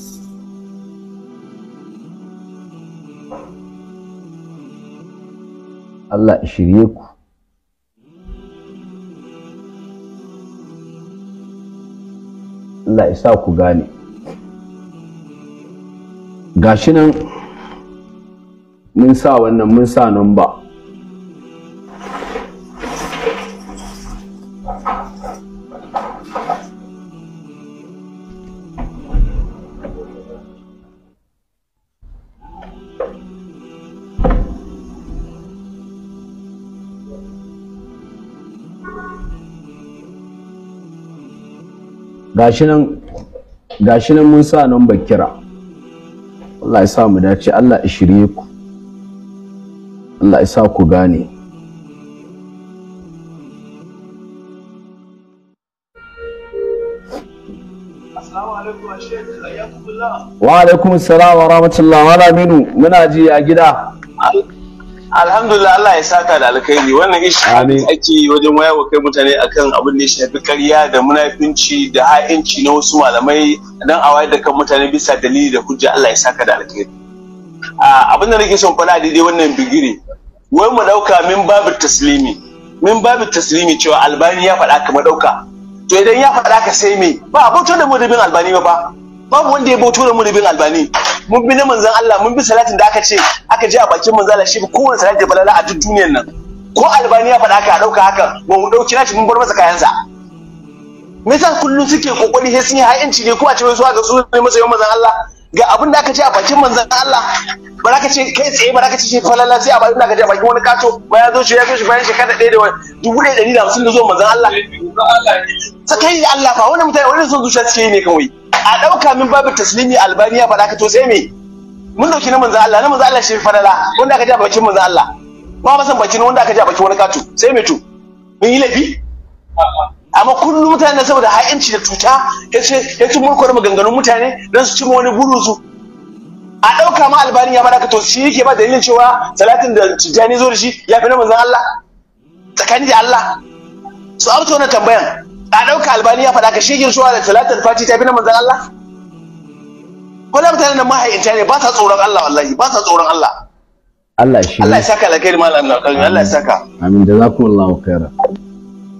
Allah ya shirye ku Allah ya sa ku gane gashi nan mun sa wannan mun sa nan ba gashi nan mun sa nan kira Allah ya sa mu dace Allah ya shirye ku Allah ya sa ku gane wa alaikum salam wa rahmatullah malaminu muna ji a gida alhamdulillah Allah ya saka da alkhairi wannan ishi ake yi wajen waya wa kai mutane akan abin da ya shafi karya da munafinci da ha'inci na wasu malamai dan a wayar da kan mutane bisa dalili da hujja Allah ya saka da alkhairi abin da nake son faɗa daidai wannan bigire wai mu ɗauka min babu taslimi min babu taslimi cewa albani ya faɗa ka mu ɗauka to idan ya faɗa ka sai me ba a bautar da mu da bin albani ba ba babu wanda ya bautar da mu da bin albani mun bi na manzon Allah mun bi salatin da aka ce aka je a bakin manzon Allah shi kowane salati balala a duk duniyar nan ko albaniya faɗa aka ɗauka haka ba mu ɗauki nashi mun bar masa kayansa me yasa kullum suke kokari sai sun yi ha'inci ne ko a ce wai su ga su ne masa yawan manzon Allah ga abin da aka ce a bakin manzon Allah ba za ka ce kai tsaye ba za ka ce shi falala sai a bakin da aka ce a bakin wani kato ba ya zo shi ya zo shi bayan shekara ɗaya da dubu ɗaya ɗari da hamsin da zuwa manzon Allah kai Allah fa wani mutane wani zo zuciya suke yi ne kawai a ɗauka min babu taslimi albaniya faɗa ka to sai me mun dauki na manzo Allah na manzo Allah shi fadala wanda aka ji a bakin manzo Allah ba ba san bakin wanda aka ji a bakin wani katu sai me to mun yi laifi amma kullum mutane saboda ha'inci da tuta ya ci murkwar maganganun mutane don su cimma wani burinsu a ɗauka ma albani da ka to shi yake ba dalilin cewa salatin da tijani zo shi ya fi na manzo Allah tsakani da Allah su amsa na tambayan a ɗauka albani ya faɗa ka yin zuwa da talatin fati ta bi na manzan Allah Ko da mutane da mahayinta ne ba sa tsoron Allah wallahi ba sa tsoron Allah Allah shi Allah ya saka alkhairi malam na Allah ya saka amin da zakumullahu khaira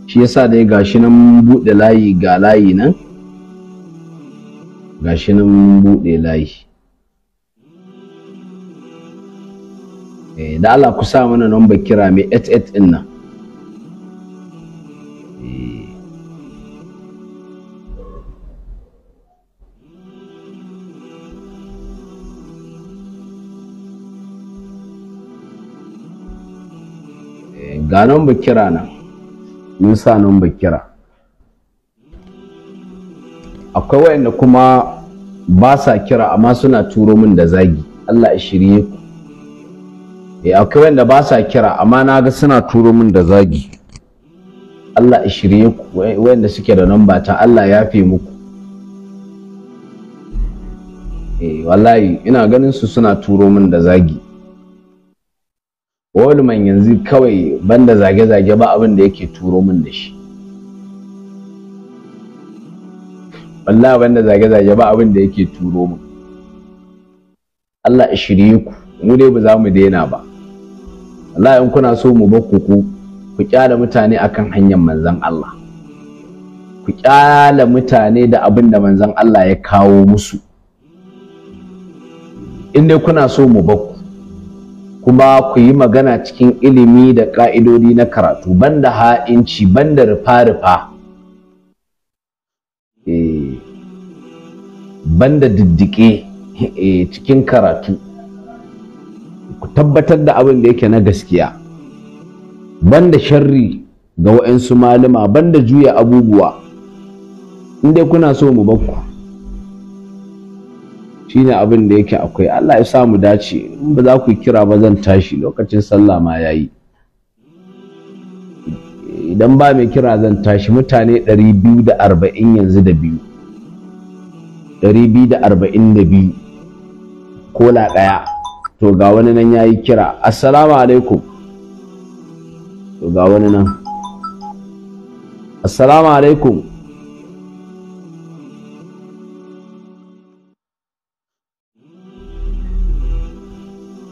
shi yasa dai gashi nan buɗe layi ga layi nan gashi nan buɗe layi eh, da Allah ku sa mana number kira mai 88 ɗin nan Eh, ga ba kira nan, mun sa nan ba kira akwai wayanda kuma ba sa kira amma suna turo min da zagi Allah ya shirye ku eh akwai wanda ba sa kira amma na ga suna turo min da zagi Allah ya shirye ku wayanda suke da namba ta Allah ya fi muku eh wallahi ina ganin su suna turo min da zagi Oldman yanzu kawai banda zage-zage ba abin da yake turo min da shi. Wallah banda zage-zage ba abin da yake turo min. Allah shirye ku, mu dai ba za mu daina ba. Allah in kuna so mu ba ku ku ku kyale mutane akan hanyar manzon Allah. Ku kyale mutane da abin da manzon Allah ya kawo musu. In dai kuna so mu ba kuma ku yi magana cikin ilimi da ƙa'idodi na karatu banda ha'inci banda rufa-rufa eh, banda diddike eh, cikin karatu ku tabbatar da abin da yake na gaskiya banda sharri ga wa'yansu malama banda juya abubuwa in dai kuna so mu bakku shine abin da yake akwai Allah ya sa mu dace in ba za ku kira ba zan tashi lokacin sallah ma yayi idan ba mai kira zan tashi mutane 240 yanzu da biyu 242 kola ɗaya to ga wani nan yayi kira assalamu alaikum to ga wani nan assalamu alaikum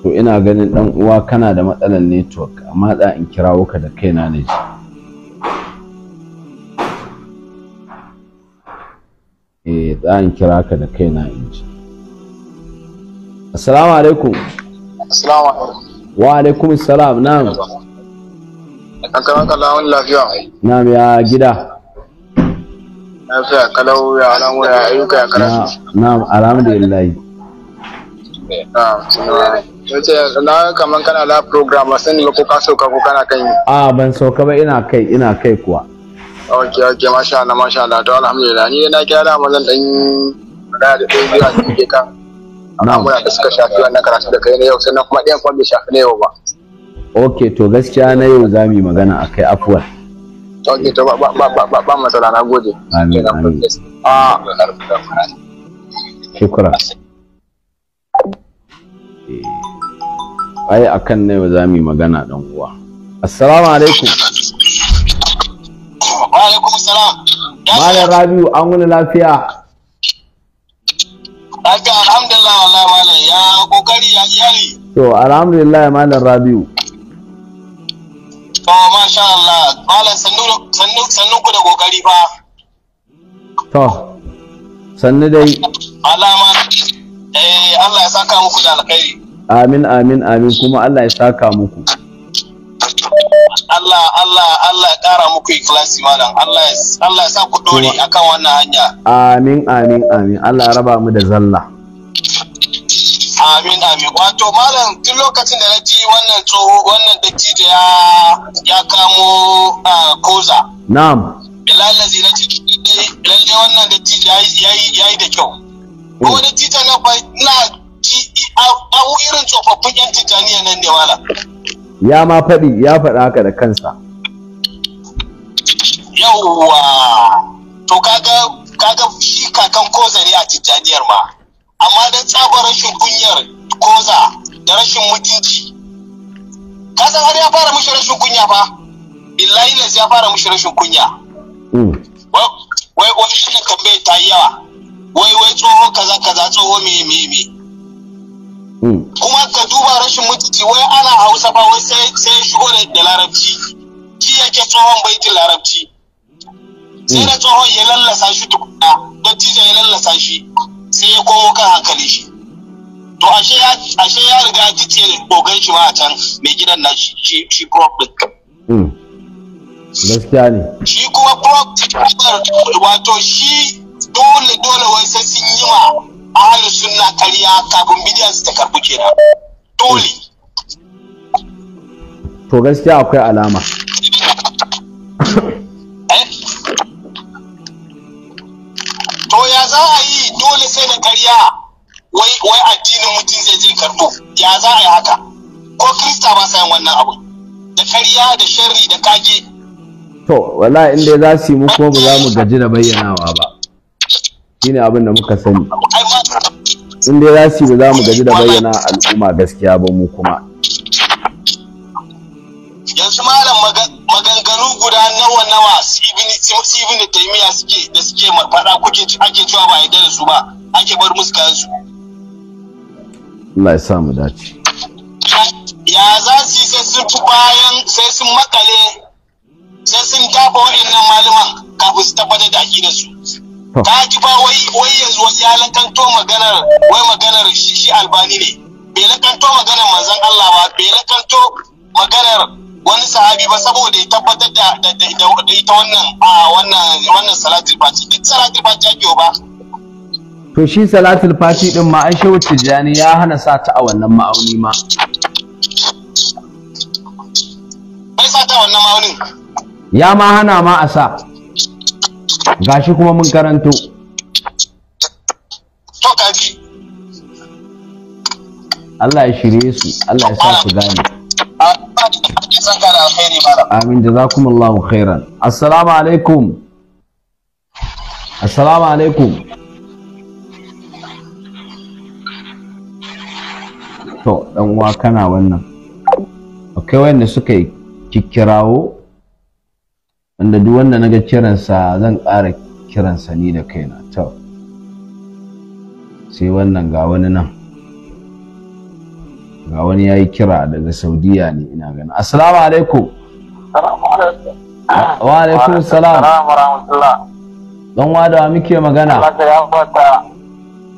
to ina ganin dan uwa kana da matsalar network amma da in kirawo ka da kaina ne eh da in kira ka da kaina in ji assalamu alaikum assalamu alaikum wa alaikum assalam na'am an karan kallon lafiya na'am ya gida ya alamu ya ayyuka ya na'am alhamdulillah wace ah, na kaman kana la program sani ba ko ka sauka ko kana kan yi a ah, ban sauka ba ina kai ina kai kuwa ok ok masha Allah masha Allah to alhamdulillah ni na kira da mazan dan da da zuwa ke kan al'amura da suka shafi wannan karatu da kai ne yau sannan kuma ɗayan kwan bai shafi ne yau ba ok to gaskiya na yau za mu yi magana a kai afuwar ok to ba matsala na gode amin amin ah, shukran ai akan ne za mu yi magana dan uwa assalamu alaikum wa alaikum assalam malam rabiu an wani lafiya lafiya alhamdulillah wallahi malam ya kokari ya iyali to alhamdulillah malam rabiu to masha Allah malam sannu sannu ku da kokari fa to sannu dai alama eh Allah ya saka muku da alkhairi amin amin amin kuma Allah ya saka muku Allah Allah Allah ya kara muku ikhlasi malam Allah ya Allah ya sa ku dore akan wannan hanya amin amin amin Allah ya raba mu da zalla Amin amin wato malam tun lokacin da na ji wannan tsoho wannan da ya ya kamo koza na'am bilalazi na ji lalle wannan dattijo ya yi da kyau ko eh. dattijo na a irin tsofaffin yan tijjaniya nan ne wala ya ma faɗi ya faɗa haka da kansa yawwa to kaga kaga shi kakan koza ne a tijjaniyar ma amma dan tsabar rashin kunyar koza da rashin mutunci ka san har ya fara mishi rashin kunya fa billahi ne ya fara mishi rashin kunya hmm. wai wai ne tambayar ta yi yawa wai wai tsoho kaza kaza tsoho me me me Hmm. kuma ka duba rashin mutunci wai ana hausa ba wai sai sai shigo da larabci shi yake tsohon baitin larabci sai da hmm. tsohon ya lallasa shi tukuna dattijo ya lallasa shi sai ya komo kan hankali shi to ashe ya ashe ya riga ya da dogon shi ma a can mai gidan na shi shi prop hmm. gaskiya ne shi kuma prop wato shi dole dole wai sai sun yi ma ahli suna karya kafin bidiyan su ta karbu kenan dole to gaskiya akwai alama eh? to ya za a yi dole sai da karya wai wai addinin mutum zai je karbo ya za a yi haka ko krista ba sa yin wannan abu da karya da sharri da kage to wallahi inda za su yi mu kuma ba za mu gaji da bayyanawa ba shine abin da muka sani in dai za ba za mu gaji da bayyana al'umma gaskiya ba mu kuma yanzu malam maganganu guda nawa nawa ibn ibn taymiya suke da suke faɗa kuke ake cewa ba yadda da su ba ake bar musu kayan su Allah ya sa mu dace ya za su yi sai sun fi bayan sai sun makale sai sun taɓa waɗannan malaman kafin su tabbatar da aƙidar su ta ji ba wai wai yanzu wani ya lakanto maganar wai maganar shi albani ne bai lakanto maganar manzon Allah ba bai lakanto maganar wani sahabi ba saboda ya tabbatar da da ita wannan a wannan wannan salatul fati duk salatul fati ake ba to shi salatul fati din ma an shehu jani ya hana sa ta a wannan ma'auni ma bai sa ta wannan ya ma hana ma a sa gashi kuma mun karanto to kaji Allah ya shirye su Allah ya sa ku gane ah, amin jazakumullahu khairan assalamu alaikum assalamu alaikum to dan uwa kana wannan akwai wanda suka yi kikirawo. wanda duk wanda na ga kiransa zan ƙara kiransa ni da kaina to sai wannan ga wani nan ga wani ya yi kira daga saudiya ne ina gani assalamu alaikum wa alaikum salam don wada muke magana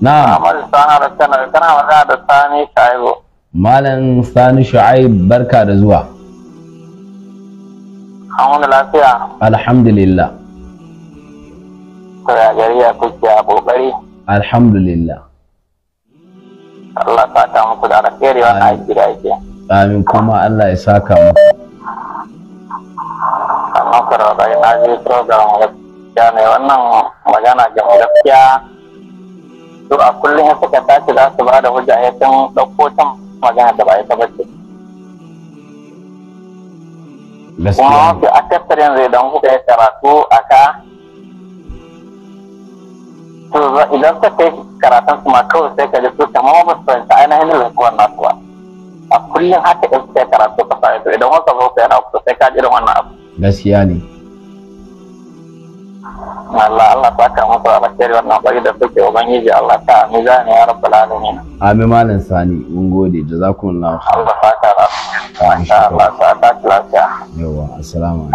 na malam sani shu'aib barka da zuwa an wani lafiya alhamdulillah kuna gari ya kuke a kokari alhamdulillah Allah ka ta muku da alkhairi wannan aiki da ake amin kuma Allah ya saka muku amma karo da na je program gaskiya ne wannan magana ga gaskiya to a kullum suka tashi za su ba da hujja ya kan ɗauko ta magana da ba ya tabbace kuma su a tattalin zai don kuka yi karatu a ka idan ka kai karatun su ma kawai sai ka ji su kamar ba su fahimta ainihin rikuwar nasu ba a kullum haka in suka karatu ka fahimta idan wasa zo ka yana kusa sai ka ji wannan abu gaskiya ne Allah Allah ta kama musu alkhairi wannan bari da suke ubangiji Allah ta mizani ya rabbal alamin amin malam sani mun gode jazakumullahu Allah ta kara Allah ta ta lafiya yawa assalamu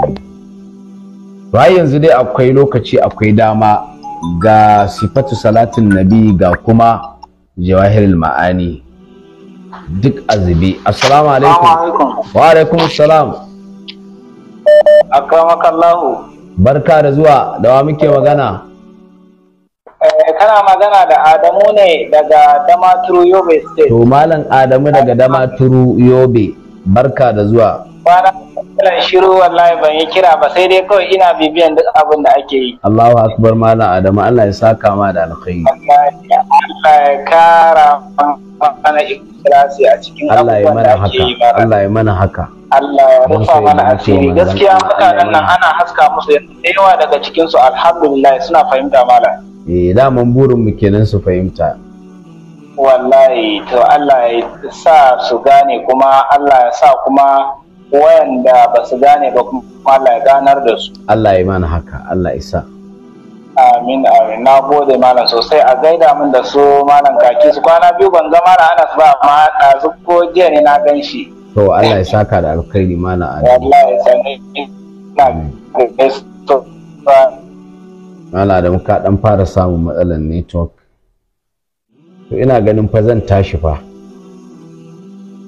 alaikum yanzu dai akwai lokaci akwai dama ga sifatu salatin nabi ga kuma jawahirul ma'ani duk azubi assalamu alaikum wa alaikum assalam akramakallahu barka da zuwa da wa muke magana eh, kana magana da Adamu ne daga Damaturu Yobe State. To Malam Adamu daga Damaturu Yobe, barka da zuwa. Ina shiru wallahi ban yi kira ba sai dai kawai ina bibiyan duk abin da ake yi. Allahu akbar malam Adamu Allah ya saka ma da alkhairi. Allah ya kara mana ikhlasi a cikin abubuwan da ake yi Allah ya mana haka. Allah ya rufa mana asiri gaskiya mutanen nan ana haska musu da yawa daga cikin su alhamdulillah suna fahimta malam. Eh mun burin mu kenan su fahimta. Wallahi to Allah ya sa su gane kuma Allah ya sa kuma wayanda ba su gane ba kuma Allah ya ganar da su Allah ya mana haka Allah ya sa amin amin na gode malam sosai a gaida min da su malam kaki su kwana biyu ban ga malam Anas ba amma ɗazu ko jiya ne na gan shi to Allah ya saka da alkhairi malam Anas Allah ya sani Malam Adamu ka dan fara samun matsalar network to ina ganin fa zan tashi fa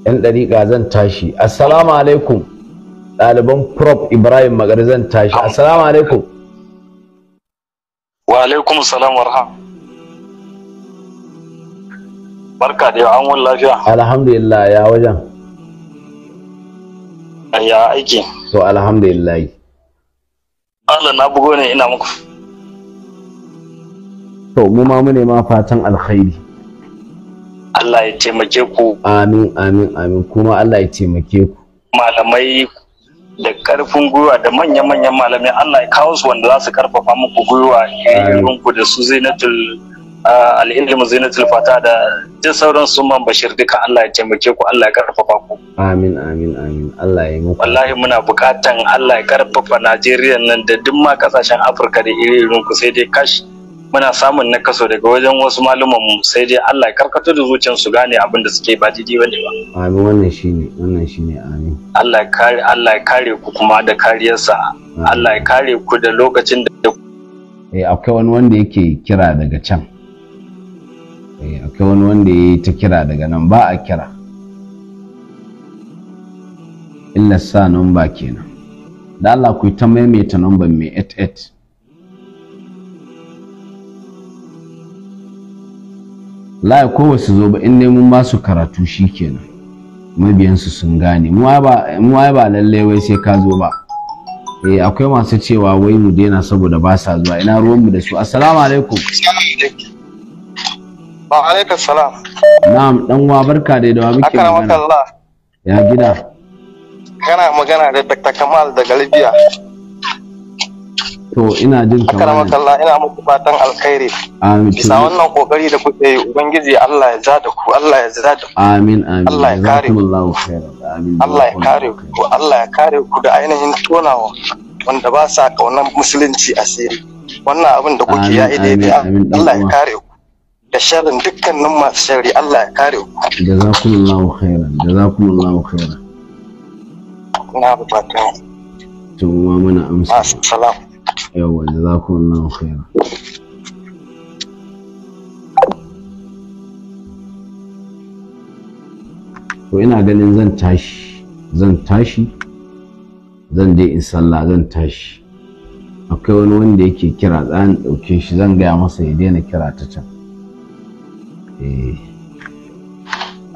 yan ɗariƙa zan tashi assalamu alaikum ɗaliban prof ibrahim magar zan tashi assalamu alaikum wa alaikum salam wa barka da an wani lafiya alhamdulillah ya wajen ya aiki to alhamdulillah Allah na bugo ne ina muku to mu ma mu ne ma fatan alkhairi Allah ya taimake ku amin amin amin kuma Allah ya taimake ku malamai da karfin gwiwa da manya-manyan malamai Allah ya kawo su wanda za su karfafa muku gwiwa irin ku da su zainatul al'ilmu zainatul fata da duk sauran su man bashir duka Allah ya taimake ku Allah ya karfafa ku amin amin amin Allah ya muku wallahi muna bukatan Allah ya karfafa Najeriya nan da duk ma kasashen Afirka da irin ku sai dai kashi muna samun nakaso daga wajen wasu malaman mu sai dai Allah ya karkato da zuciyar su gane abin da suke ba daidai bane ba amin wannan shine wannan shine amin Allah ya kare Allah ya kare ku kuma da kariyarsa Allah ya kare ku da lokacin da eh akwai wani wanda yake kira daga can eh akwai wani wanda yake ta kira daga nan ba a kira illa sa nan ba kenan da Allah ku ta maimaita number mai 88 la ya kowa su zo ba in dai mun ba su karatu shikenan mabiyansu sun gane mu ai ba lallai wai sai ka zo ba eh akwai masu cewa wai mu daina saboda ba sa zuwa ina ruwan mu da su assalamu alaikum wa alaikum salam na'am dan uwa barka dai da wa muke magana ya gida kana magana da Dr. Kamal daga Libya to ina jin kamar akarama kalla ina muku fatan alkhairi amin bisa wannan kokari da kuke yi ubangiji Allah ya zada ku Allah ya zada ku amin amin Allah ya kare ku Allah ya kare ku Allah ya kare ku da ainihin tonawa wanda ba sa kaunan musulunci asiri wannan abin da kuke ya ide da Allah ya kare ku da sharrin dukkanin masu sharri Allah ya kare ku jazakumullahu khairan jazakumullahu khairan na bukatu to ma mana amsa salam za yawa nan khairan to ina ganin zan tashi zan tashi zan je in sallah zan tashi akwai wani wanda yake kira tsayin dauke shi zan gaya masa ya daina kira ta can eh.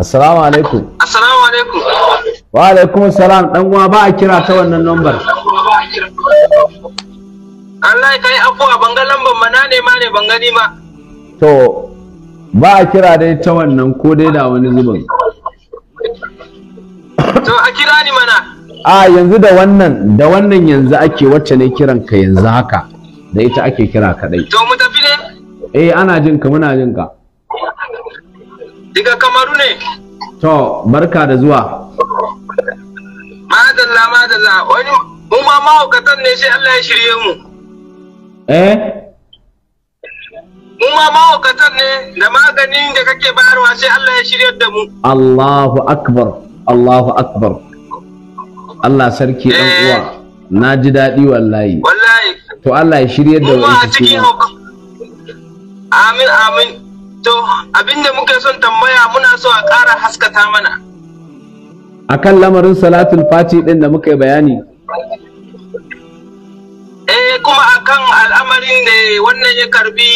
assalamu alaikum assalamu alaikum wa alaikum assalam dan uwa ba a kira ta wannan lambar Allah kai afuwa ban ga lambar ma na nema ne ban gani ba to ba a kira dai ta wannan ko dai da wani zubin to a kira ni mana a yanzu da wannan da wannan yanzu ake wacce ne kiran ka yanzu haka da ita ake kira kadai to mu tafi ne eh ana jin ka muna jin ka diga kamaru ne to barka da zuwa madalla madalla wani mu ma mahaukatan ne sai Allah ya shirye mu eh mu ma mahaukatan ne da maganin da kake bayarwa sai Allah ya shirya da mu Allahu akbar Allahu akbar Allah sarki dan eh. uwa na ji daɗi wallahi wallahi to Allah ya shirya da mu amin amin to abinda muke son tambaya muna so a ƙara haskata mana akan lamarin salatul fati din da muka yi bayani eh kuma akan al'amarin ne wannan ya karbi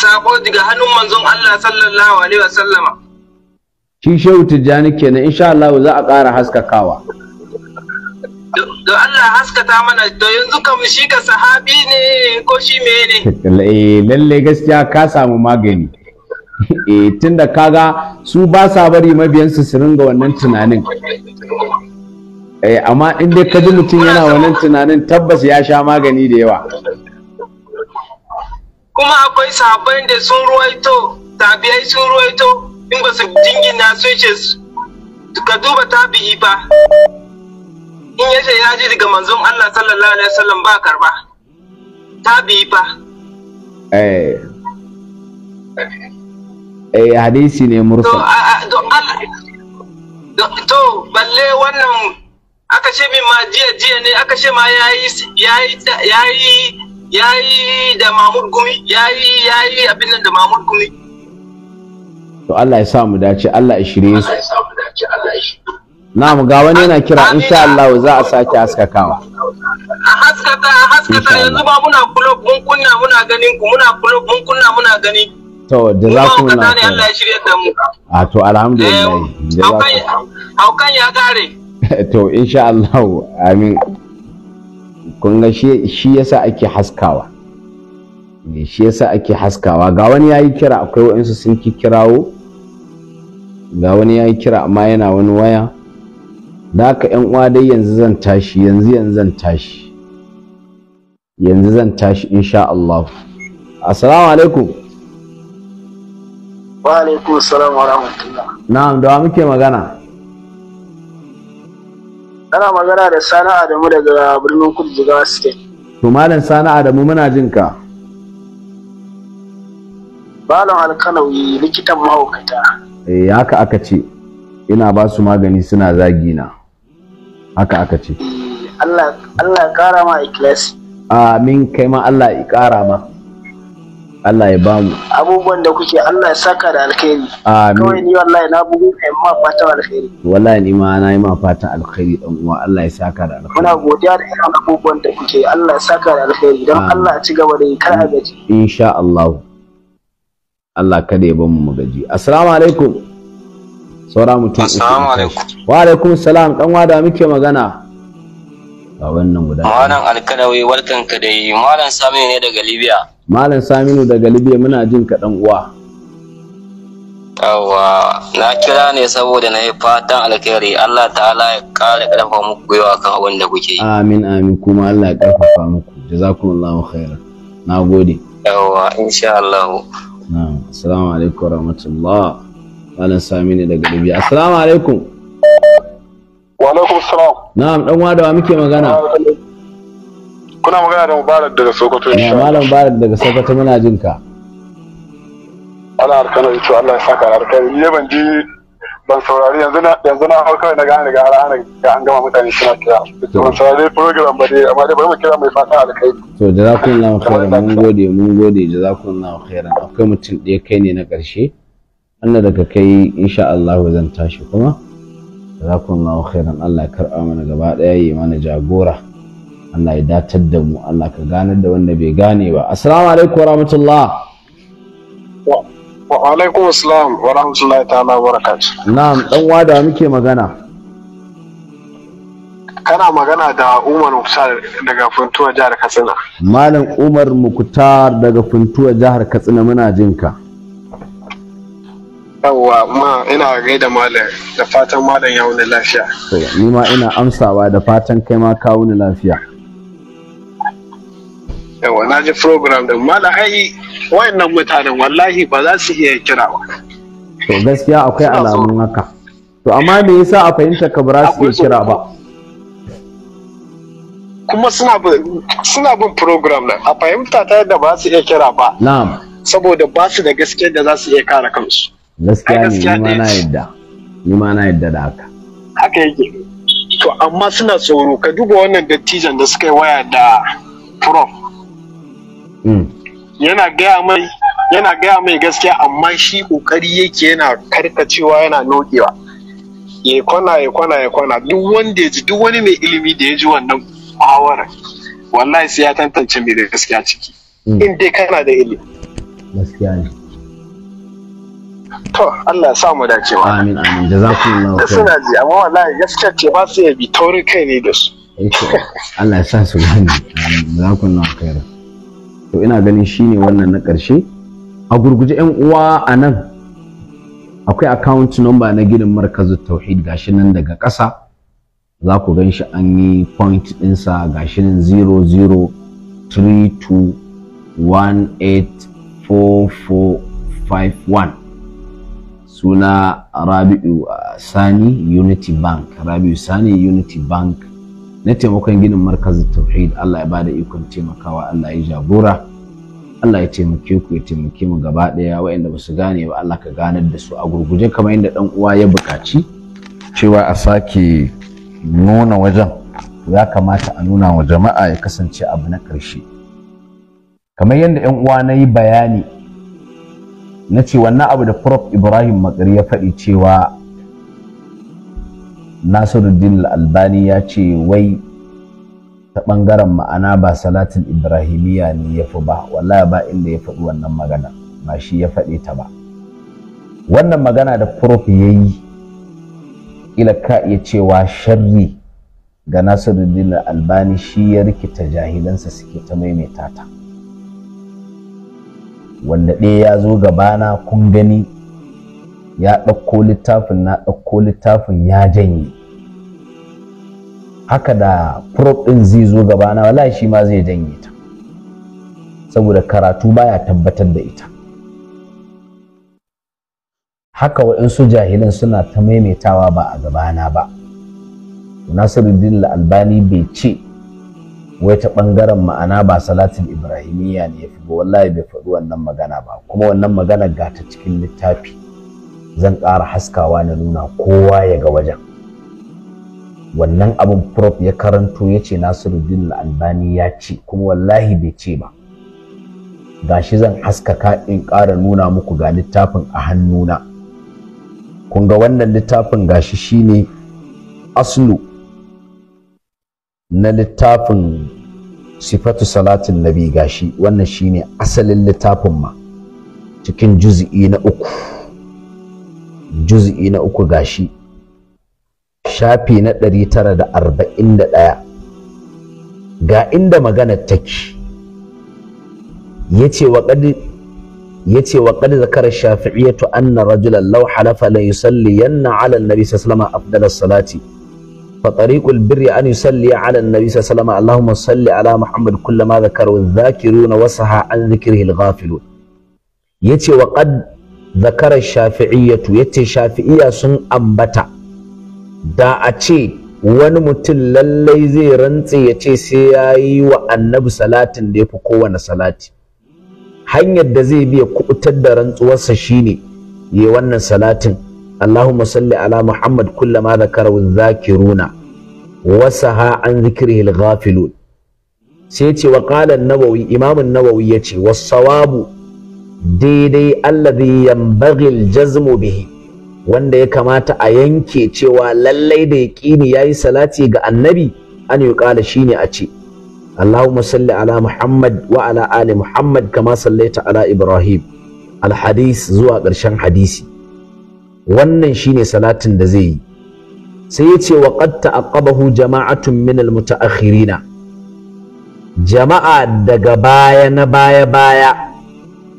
sako daga hannun manzon Allah sallallahu alaihi wasallama shi shehu tijjani kenan insha Allah za a ƙara haskakawa don Allah haskata mana to yanzu kam shi ka sahabi ne ko shi mene eh, lalle gaskiya ka samu magani eh tunda kaga su ba sa bari mabiyansu su ringa wannan tunanin eh amma in dai kaji mutum yana wannan tunanin tabbas ya sha magani da yawa kuma akwai sabon da sun ruwaito tabi'ai sun ruwaito in ba su jingina sun ce ka duba tabi'i ba in yace ya ji daga manzon Allah sallallahu alaihi wasallam ba karba tabi'i ba eh eh hadisi ne mursal to balle wannan aka ce min ma jiya jiya ne aka ce ma yayi yayi yayi yayi da Mahmud Gumi yayi yayi abin nan da Mahmud Gumi to Allah ya sa mu dace Allah ya shirye su mu ga wani yana kira insha Allah za a sake askakawa a haskata a haskata yanzu ba muna club mun kunna muna ganin ku muna club mun kunna muna ganin to da za ku na Allah ya shirye da mu a to alhamdulillah eh, haukan ya gare to insha Allah amin kun ga shi yasa ake haskawa shi yasa ake haskawa ga wani yayi kira akwai wa'insu sun ki kirawo ga wani yayi kira amma yana wani waya da ka yan uwa dai yanzu zan tashi yanzu yanzu zan tashi yanzu zan tashi insha Allah assalamu alaikum wa alaikum assalam wa rahmatullah na'am da muke magana Kana magana da Sani Adamu daga birnin Kudu Jigawa State. To Malam Sani Adamu muna jin ka. Malam Alkanawi likitan mahaukata. Eh haka aka ce ina ba su magani suna zagi na. Haka aka ce. Eh, Allah Allah ya kara ma ikilasi. Amin kai ma Allah ya kara ma. Allah ya bamu abubuwan da kuke Allah ya saka da alkhairi amin kawai ni wallahi na bugu kai ma fata alkhairi wallahi ni ma na yi ma fata alkhairi dan uwa Allah ya saka da alkhairi muna godiya da irin abubuwan da kuke Allah ya saka da alkhairi dan Allah ya ci gaba da yi kar a gaji insha Allah Allah kada ya bamu magaji assalamu alaikum saura mutum assalamu alaikum wa alaikum salam dan wada muke magana a wannan guda. Malam Alkadawi warkanka dai Malam Sami ne daga Libya. malam saminu daga libya muna jin ka dan uwa yawa na kira ne saboda na yi fatan alkhairi Allah ta'ala ya kare karfa muku gwiwa kan abin da kuke yi amin amin kuma Allah ya karfafa muku jazakumullahu khairan nagode yawa insha Allah na'am assalamu alaikum rahmatullah. malam saminu daga libya assalamu alaikum wa alaikum assalam na'am dan wa da muke magana kuna magana da mubarak daga sokoto insha Allah malam mubarak daga sokoto muna jin ka Allah harkar ya ce Allah ya saka alkhairi ni ban ji ban saurari yanzu na yanzu na hau kawai na gane ga har ana ga an gama mutane suna kira ban saurari program ba dai amma dai bari mu kira mai fata alkhairi to jazakumullahu khairan mun gode mun gode jazakumullahu khairan akwai mutum ɗaya kai ne na ƙarshe wannan daga kai insha Allah zan tashi kuma jazakumullahu khairan Allah ya karɓa mana gaba ɗaya yi mana jagora Allah ya datar da mu Allah ka ganar da wanda bai gane ba assalamu alaikum wa rahmatullah wa alaikum assalam wa rahmatullahi ta'ala wa barakatuh na'am dan wada muke magana kana magana da Umar Muktar daga Funtuwa jihar Katsina Malam Umar Muktar daga Funtuwa jihar Katsina muna jin ka yawwa ma ina gaida malam da fatan malam ya wuni lafiya ni ma ina amsawa da fatan kai ma ka wuni lafiya yawa na ji program din mala ai wayannan mutanen wallahi ba za su iya kira ba to gaskiya akwai alamun haka to amma me yasa a fahimta ka ba su iya kira ba kuma suna bin suna bin program nan a fahimta ta yadda ba su iya kira ba na'am saboda ba su da gaskiya da za su iya kare kansu gaskiya ne ni ma na yadda ni ma na yadda da haka haka yake to amma suna tsoro ka duba wannan dattijan da suka yi waya da prof yana gaya mai yana gaya mai gaskiya amma shi kokari yake yana karkacewa yana nokewa ya kwana ya kwana ya kwana duk wanda ya ji duk wani mai ilimi da ya ji wannan muhawarar wallahi sai ya tantance mai da gaskiya ciki hmm. in dai kana da ilimi gaskiya ne to Allah ya sa mu dacewa amin amin jazakumullahu khair suna ji amma wallahi gaskiya ce ba su ya bi taurin kai ne da su eh Allah ya sa su gani jazakumullahu khair to ina ganin shi ne wannan na ƙarshe a gurguje yan uwa a nan akwai account number na ginin markazin tauhid gashi nan daga ƙasa za ku gan shi an yi point ɗinsa gashi nan 0032184451 suna rabi'u uh, sani unity bank rabi'u sani unity bank na taimakon ginin markazin tauhid Allah ya bada ikon taimakawa Allah ya jagora Allah ya taimake ku ya taimake mu gaba daya waɗanda ba su gane ba Allah ka ganar da su a gurguje kamar yadda ɗan uwa ya buƙaci cewa a sake nuna wajen ya kamata a nuna wa jama'a ya kasance abu na ƙarshe kamar yadda yan uwa na yi bayani na ce wannan abu da prof ibrahim makari ya faɗi cewa nasiruddin albani ya ce wai ta ɓangaren ma'ana ba salatin ibrahimiyya ne ya fi ba wallahi ba inda ya faɗi wannan magana ba shi ya faɗe ta ba wannan magana da prof ya yi ila ka iya cewa sharri ga nasiruddin albani shi ya rikita jahilansa suke ta maimaita ta wanda ɗaya ya zo gabana kun gani ya ɗauko littafin na ɗauko littafin ya janye haka da prop ɗin zai zo gabana wala shi ma zai janye ta saboda karatu baya tabbatar da ita haka waɗansu jahilin suna ta maimaitawa ba a gabana ba nasiruddin albani bai ce wai ta ɓangaren ma'ana ba salatin ibrahimiyya ne ya fi ba wallahi bai faɗi wannan magana ba kuma wannan magana ga ta cikin littafi zan ƙara haskawa na nuna kowa ya ga wajen wannan abin prof ya karanto ya ce nasiruddin albani ya ce kuma wallahi bai ce ba gashi zan haskaka in ƙara nuna muku ga littafin a hannuna kun ga wannan littafin gashi shine aslu na littafin sifatu salatin nabi gashi wannan shine asalin littafin ma cikin juzi'i na uku juz'i na uku gashi shafi na 941 ga inda magana take yace wa qad yace wa qad zakara shafi'iyatu anna rajulan law halafa la yusalliyanna 'ala an-nabi sallallahu alaihi wasallam afdal as-salati فطريق البر أن يصلي على النبي صلى الله عليه وسلم اللهم صل على محمد كل ما ذكره an وسها عن ذكره الغافلون wa وقد zakarar shafi'iyyatu yace shafi'iya sun ambata da a ce wani mutum lallai zai rantse ya ce sai ya yi wa annabi salatin da ya fi kowane salati hanyar da zai biya kubutar da rantsuwarsa shine yi wannan salatin Allahumma salli ala Muhammad kullama zakarahu zakiruna wasaha an zikrihi al-ghafilun sai ce wa qala an-nawawi imam an-nawawi yace was-sawabu daidai allazi yanbaghi aljazmu bihi wanda ya kamata a yanke cewa lallai da yaqini yayi salati ga annabi an yuqala shine a ce Salli ala Muhammad محمد Ali Muhammad kama كما ala Ibrahim Al-Hadis zuwa ƙarshen hadisi. wannan shine salatin da zai yi sai ya ce wa qad ta'aqqabahu jama'atun min al-muta'akhirina jama'a daga baya na baya baya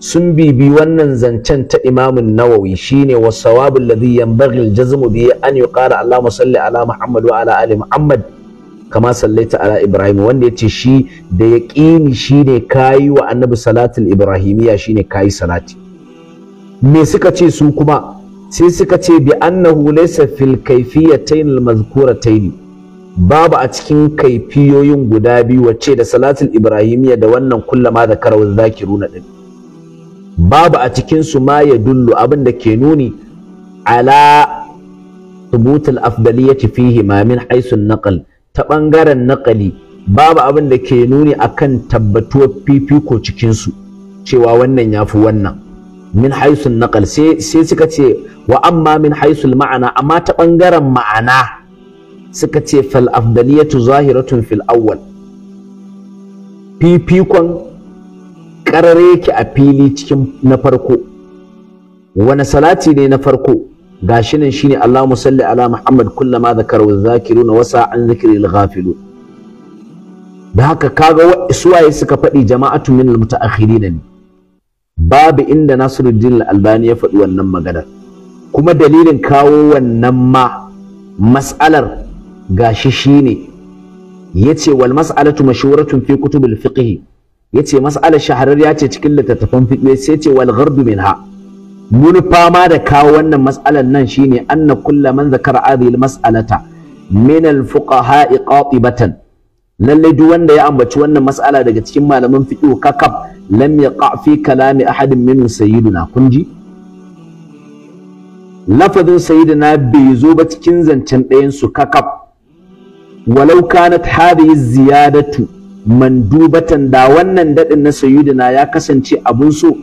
sun bibi wannan zancen ta imamun nawawi shine wa sawabu alladhi yanbaghi al-jazmu bihi an yuqala allahumma salli ala muhammad wa ala ali muhammad kama sallaita ala ibrahim wanda yace shi da yaqini shine kayi wa annabi salatul ibrahimiya shine kayi salati me suka ce su kuma sai suka ce bi annahu laysa fil kayfiyatayn al babu a cikin kaifiyoyin guda biyu wacce da salatul ibrahimiya da wannan kullama da karawar zakiruna din babu a cikinsu ma ya dullu abin da ke nuni ala tubutul afdaliyati fihi ma min haisun naqal ta ɓangaren naƙali babu abin da ke nuni akan tabbatuwar fifiko cikinsu cewa wannan ya fi wannan min haisun naqal. sai suka ce wa amma min haisul ma'ana amma ta ɓangaren ma'ana suka ce fal afdaliyatu zahiratun fil awwal fifikon ƙarare yake a fili cikin na farko wani salati ne na farko gashi nan shine Allahumma salli ala Muhammad kullama dhakaru dhakiruna wasa an dhikri al da haka kaga suwaye suka faɗi jama'atu min al-mutaakhirin ne babu inda Nasiruddin al-Albani ya faɗi wannan maganar kuma dalilin kawo wannan ma mas'alar gashi shine yace wal mas'alatu mashuratun fi kutubil fiqh yace mas'alar ya ce cikin littattafan fiqh sai ce wal ghardu minha mun fama da kawo wannan mas'alar nan shine anna kulla man zakara hadhihi al mas'alata min al fuqaha qatibatan lalle duk wanda ya ambaci wannan mas'ala daga cikin malaman fiqh kakab lam yaqa fi kalami ahadin minhu sayyiduna kunji lafazin sayyidina bai zo ba cikin zancen ɗayan su kakaf walau kanat hadhihi ziyadatu mandubatan da wannan daɗin na sayyidina ya kasance abun so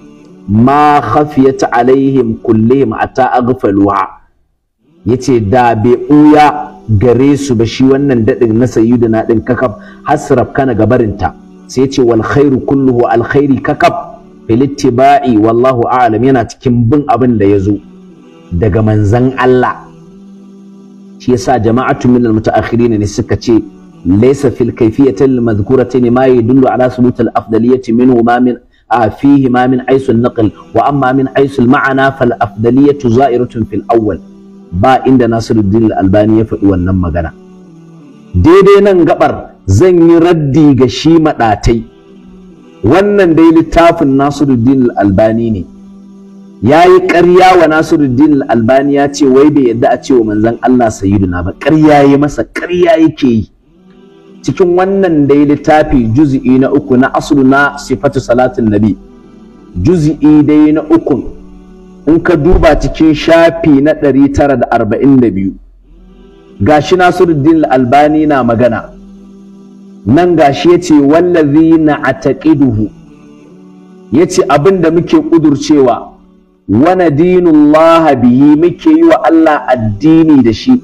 ma khafiyata alaihim kullihim ata aghfaluha yace da bai uya gare su ba shi wannan daɗin na sayyidina ɗin kakab hasraf kana gabarinta sai yace wal khairu kulluhu alkhairi kakaf fil ittiba'i wallahu a'lam yana cikin bin abin da ya zo daga manzan Allah shi yasa jama'atu al mutaakhirin ne suka ce laysa fil kayfiyati al madhkuratayn ma yadullu ala subut al afdaliyati minhu ma min فيهما من حيث النقل وأما من حيث المعنى فالأفضلية زائرة في الأول با عند ناصر الدين الألباني يفعل wannan magana daidai nan gaɓar zan yi raddi ga shi maɗatai. wannan dai littafin Nasiruddin al-Albani ne yayi ƙarya wa Nasiruddin al-Albani ya ce wai bai yadda a ce wa manzon Allah sayyiduna ba ƙarya yi masa ƙarya yake yi cikin wannan dai littafi juzi'i na uku na aslu na sifatu salatin nabi juz'i dai na uku in ka duba cikin shafi na 942 gashi Nasiruddin Al-Albani na magana nan gashi yace wallazi na ataqiduhu yace da muke kudurcewa wana Laha bihi muke yi wa Allah addini da shi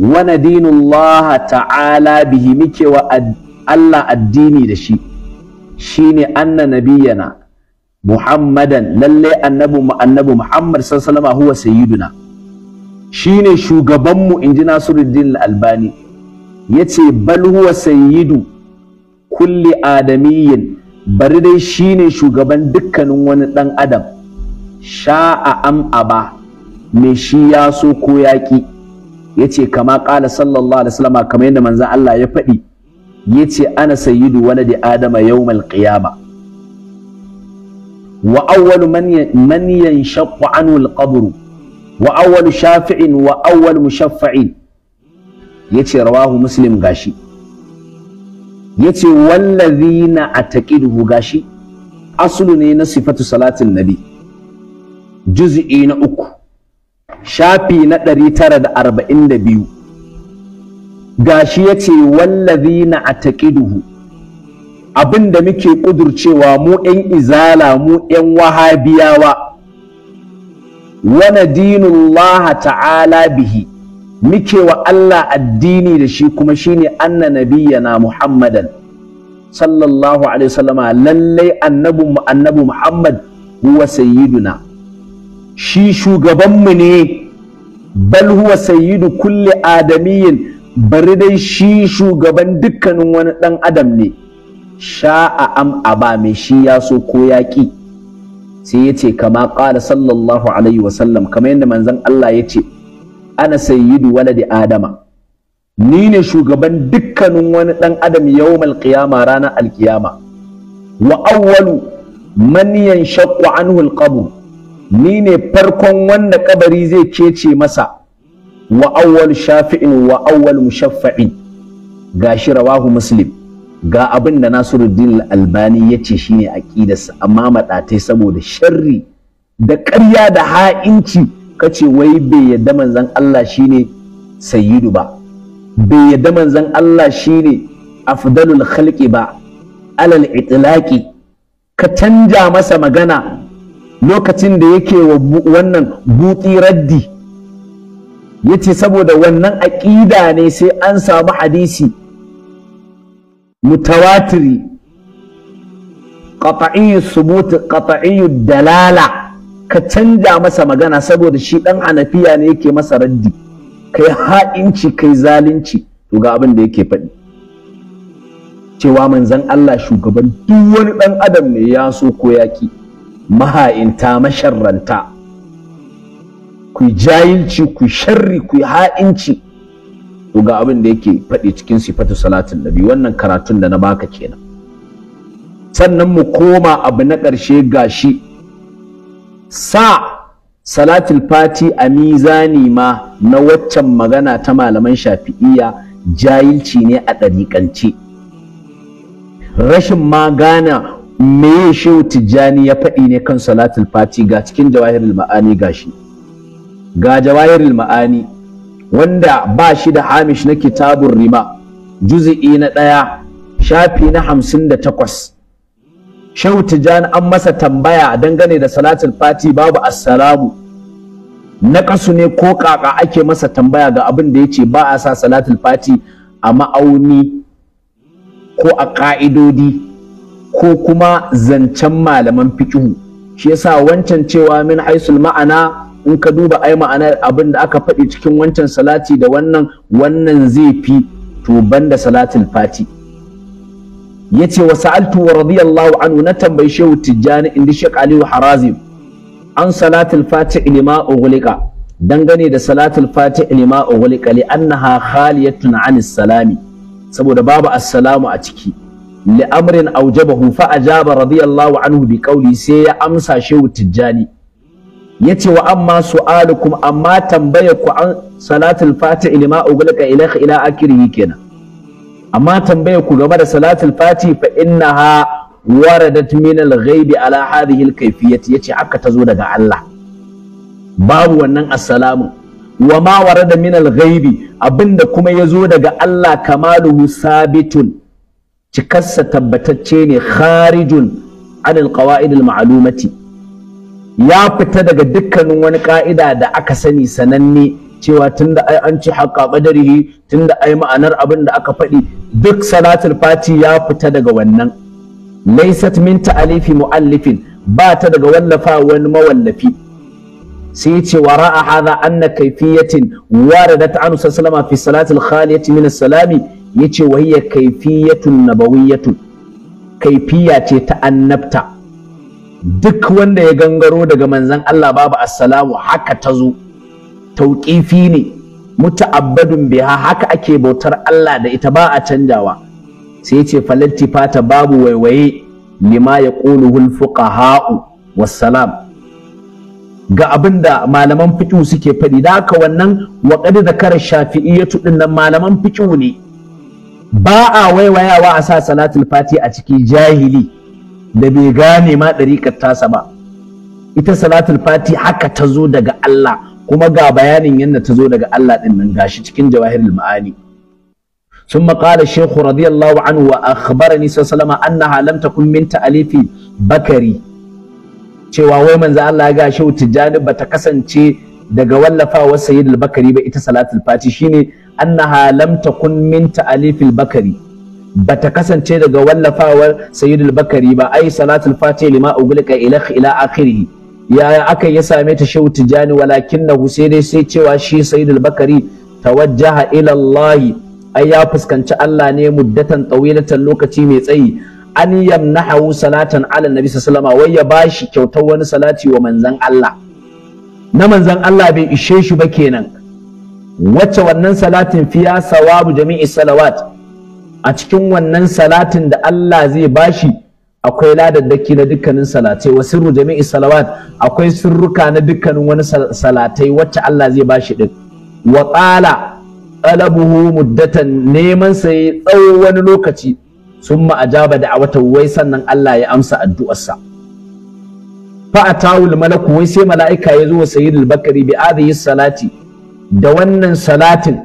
wa Allah ta'ala bihi muke wa Allah addini da shi shine anna nabiyana muhammadan lalle annabu mu muhammad sallallahu alaihi huwa sayyiduna shine shugabanmu inji nasiruddin al-albani yace bal huwa sayyidu kulli adamiyyin bari dai shine shugaban dukkanin wani dan adam sha'a am aba me shi ya so ko yaƙi yace kama ƙala sallallahu alaihi wasallam kamar yadda manzon Allah ya faɗi yace ana sayyidu waladi adama yawmal qiyama wa awwalu man man yanshaqu anhu al-qabr wa awwalu shafi'in wa awwalu mushaffa'in yace rawahu muslim gashi yace wallazina ataqiduhu gashi Asulu ne na sifatu salatin nabi juz'i na uku shafi na ɗari tara da da arba'in biyu gashi ya ce wallazi na a taƙiduhu abin da muke ƙudurcewa mu 'yan izala mu 'yan wahabiyawa wana dinullah ta'ala bihi muke wa Allah addini da shi kuma shine anna nabiyyana muhammadan sallallahu alaihi wasallama lallai annabu annabi muhammad huwa sayiduna. shi shugabanmu ne bal huwa sayyidu kulli adamiyin bari dai shi shugaban dukkanin wani ɗan adam ne sha'a am aba mai shi ya so ko ya ƙi sai ya ce kama ƙala sallallahu alaihi wasallam kamar yadda manzon Allah ya ce ana sayyidu waladi adama ni ne shugaban dukkanin wani ɗan adam yawmal qiyama ranar alkiyama wa awwalu man yanshaqu anhu alqabr ni ne farkon wanda kabari zai kece masa wa awwal shafi'in wa awwal ga shi rawahu muslim ga abin da Nasiruddin Albani ya ce shine aqidarsa amma madatai saboda sharri da ƙarya da ha'inci kace wai bai yadda manzon Allah shine sayyidu ba bai yadda manzon Allah shine afdalul khalqi ba alal itlaqi ka canja masa magana lokacin da yake wa wannan buti raddi yace saboda wannan aƙida ne sai an samu hadisi mutawatiri ƙafa'iyu subuti, ƙafa'iyu dalala ka canja masa magana saboda shi ɗan anafiya ne yake masa raddi kai ha'inci kai zalunci to ga abin da yake faɗi cewa manzon Allah shugaban duk wani ɗan adam ne ya so ko yaƙi maha'inta masharranta ku jahilci ku sharri ku ha'inci to ga abin da yake faɗi cikin sifatu salatin nabi wannan karatun da na baka kenan sannan mu koma abu na ƙarshe gashi sa salatul fati a mizani ma na waccan magana ta malaman shafi'iya jahilci ne a ɗariƙance rashin magana. me shehu tijjani ya faɗi ne kan salatul fati ga cikin jawahirul ma'ani gashi ga jawahirul ma'ani wanda ba shi da hamish na kitabun rima juzi'i na ɗaya shafi na hamsin da takwas shehu tijjani an masa tambaya dangane da salatul fati babu assalamu na kasu ne ko kaka ake masa tambaya ga abin da ya ce ba a sa salatul fati a ma'auni ko a ƙa'idodi ko kuma zancen malaman fiƙihu, shi yasa wancan cewa min aisul ma'ana in ka duba ai ma'anar abin da aka faɗi cikin wancan salati da wannan wannan zai fi to banda salatul fati yace wa sa'altu wa radiyallahu anhu na tambayi shehu tijjani inda shek aliyu harazim an salatul fati ilima ughliqa dangane da salatul fati ilima ughliqa li annaha khaliyatun anis salami saboda babu assalamu a ciki li'amrin aujabahu fa ajaba radiyallahu anhu bi qawli sai ya amsa shehu tijjani yace wa amma su'alukum amma tambayar ku an salatul fatihi lima ughliqa ilaika ila akhirih kenan amma tambayar ku game da salatul fatihi fa innaha waradat min al-ghaibi ala hadhihi al-kayfiyati yace haka tazo daga Allah babu wannan assalamu wa ma warada min al-ghaibi abinda kuma yazo daga Allah kamaluhu sabitun cikarsa tabbatacce ne kharijun anil qawaid al ma'lumati ya fita daga dukkanin wani ka'ida da aka sani sananne cewa tunda ai an ci haƙa qadarihi tunda ai ma'anar abin da aka faɗi duk salatul fati ya fita daga wannan laysat min ta'alifi mu'allifin ba ta daga wallafa wani mawallafi sai ce wa ra'a hadha anna kayfiyatin waradat anhu sallallahu fi salatil khaliyati min as-salami yace wa hiya kaifiyatun nabawiyatu kaifiya ce ta annabta duk wanda ya gangaro daga manzon Allah babu assalamu haka ta zo tauqifi ne muta'abbadun biha haka ake bautar Allah da ita ba a canjawa sai yace falatti fata babu waiwaye lima yaquluhu al-fuqaha'u wassalam ga abinda malaman fiƙu suke faɗi da haka wannan wa da kare shafi'iyyatu din nan malaman fiƙu ne ba a waiwayawa a sa salatul fati a ciki jahili da bai gane ma ɗariƙar tasa ba ita salatul fati haka ta zo daga Allah kuma ga bayanin yadda ta zo daga Allah ɗin nan gashi cikin jawahirul ma'ani ثم قال الشيخ رضي الله عنه وأخبرني صلى الله عليه وسلم أنها لم تكن من تأليف بكري cewa wai manzo Allah ya ga shehu tijjani bata kasance daga wallafawa sayyidul bakari ba ita salatul fati shine annaha lam takun min ta'alifil bakari bata kasance daga wallafawar sayyidul bakari ba ai salatul fati lima uglika ila ila akhirih yaya aka ya same ta shehu tijani na sai dai sai cewa shi sayyidul bakari tawajjaha ila Allah ai ya fuskanci Allah ne muddatan tawilatan lokaci mai tsayi an yamnahu salatan ala nabi sallallahu alaihi wai ya bashi kyautar wani salati wa manzon Allah na manzon Allah bai ishe shi ba kenan wacce wannan salatin fiya sawabu jami'i salawat a cikin wannan salatin da Allah zai bashi akwai ladaddaki na dukkanin salatai wa sirru jami'i salawat akwai sirruka na dukkanin wani salatai wacce Allah zai bashi din wa qala talabuhu muddatan neman sa yayi tsawo wani lokaci summa ajaba wata wai sannan Allah ya amsa addu'arsa fa atawul malaku wai sai mala'ika ya zo wa sayyidul bakari bi adhihi salati da wannan salatin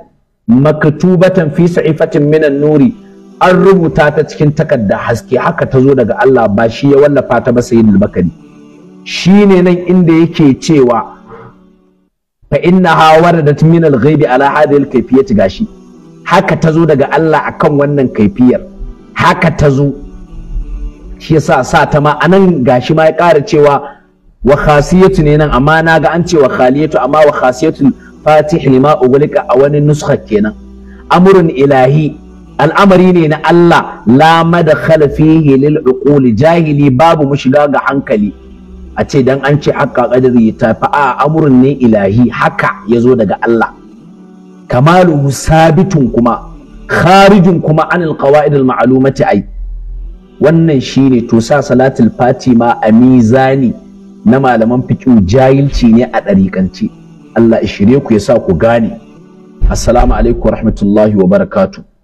makatubatan fi sa'ifatin minan nuri an rubuta ta cikin takarda haske haka ta zo daga Allah ba shi ya wallafa ta ba sayyidul bakari shine nan inda yake cewa fa ha waradat min al-ghaibi ala hadhihi al-kayfiyati gashi haka ta zo daga Allah akan wannan kaifiyar haka ta zo shi yasa sa ta ma anan gashi ma ya kara cewa wa khasiyatu ne nan amma na ga an ce khaliyatu amma wa khasiyatu fatih lima ugulika a wani nuskha kenan Amurin ilahi al'amari ne na Allah la madkhala fihi lil uquli jahili babu mushiga ga hankali a ce dan an ce haka qadari ta fa a amurin ne ilahi haka yazo daga Allah kamaluhu sabitun kuma kharijun kuma anil qawaid al ma'lumati ai wannan shine to sa salatul fatima a mizani na malaman fiqh jahilci ne a ɗarikance. Allah ya shirye ku ya sa ku gane assalamu alaikum wa rahmatullahi wa barakatuh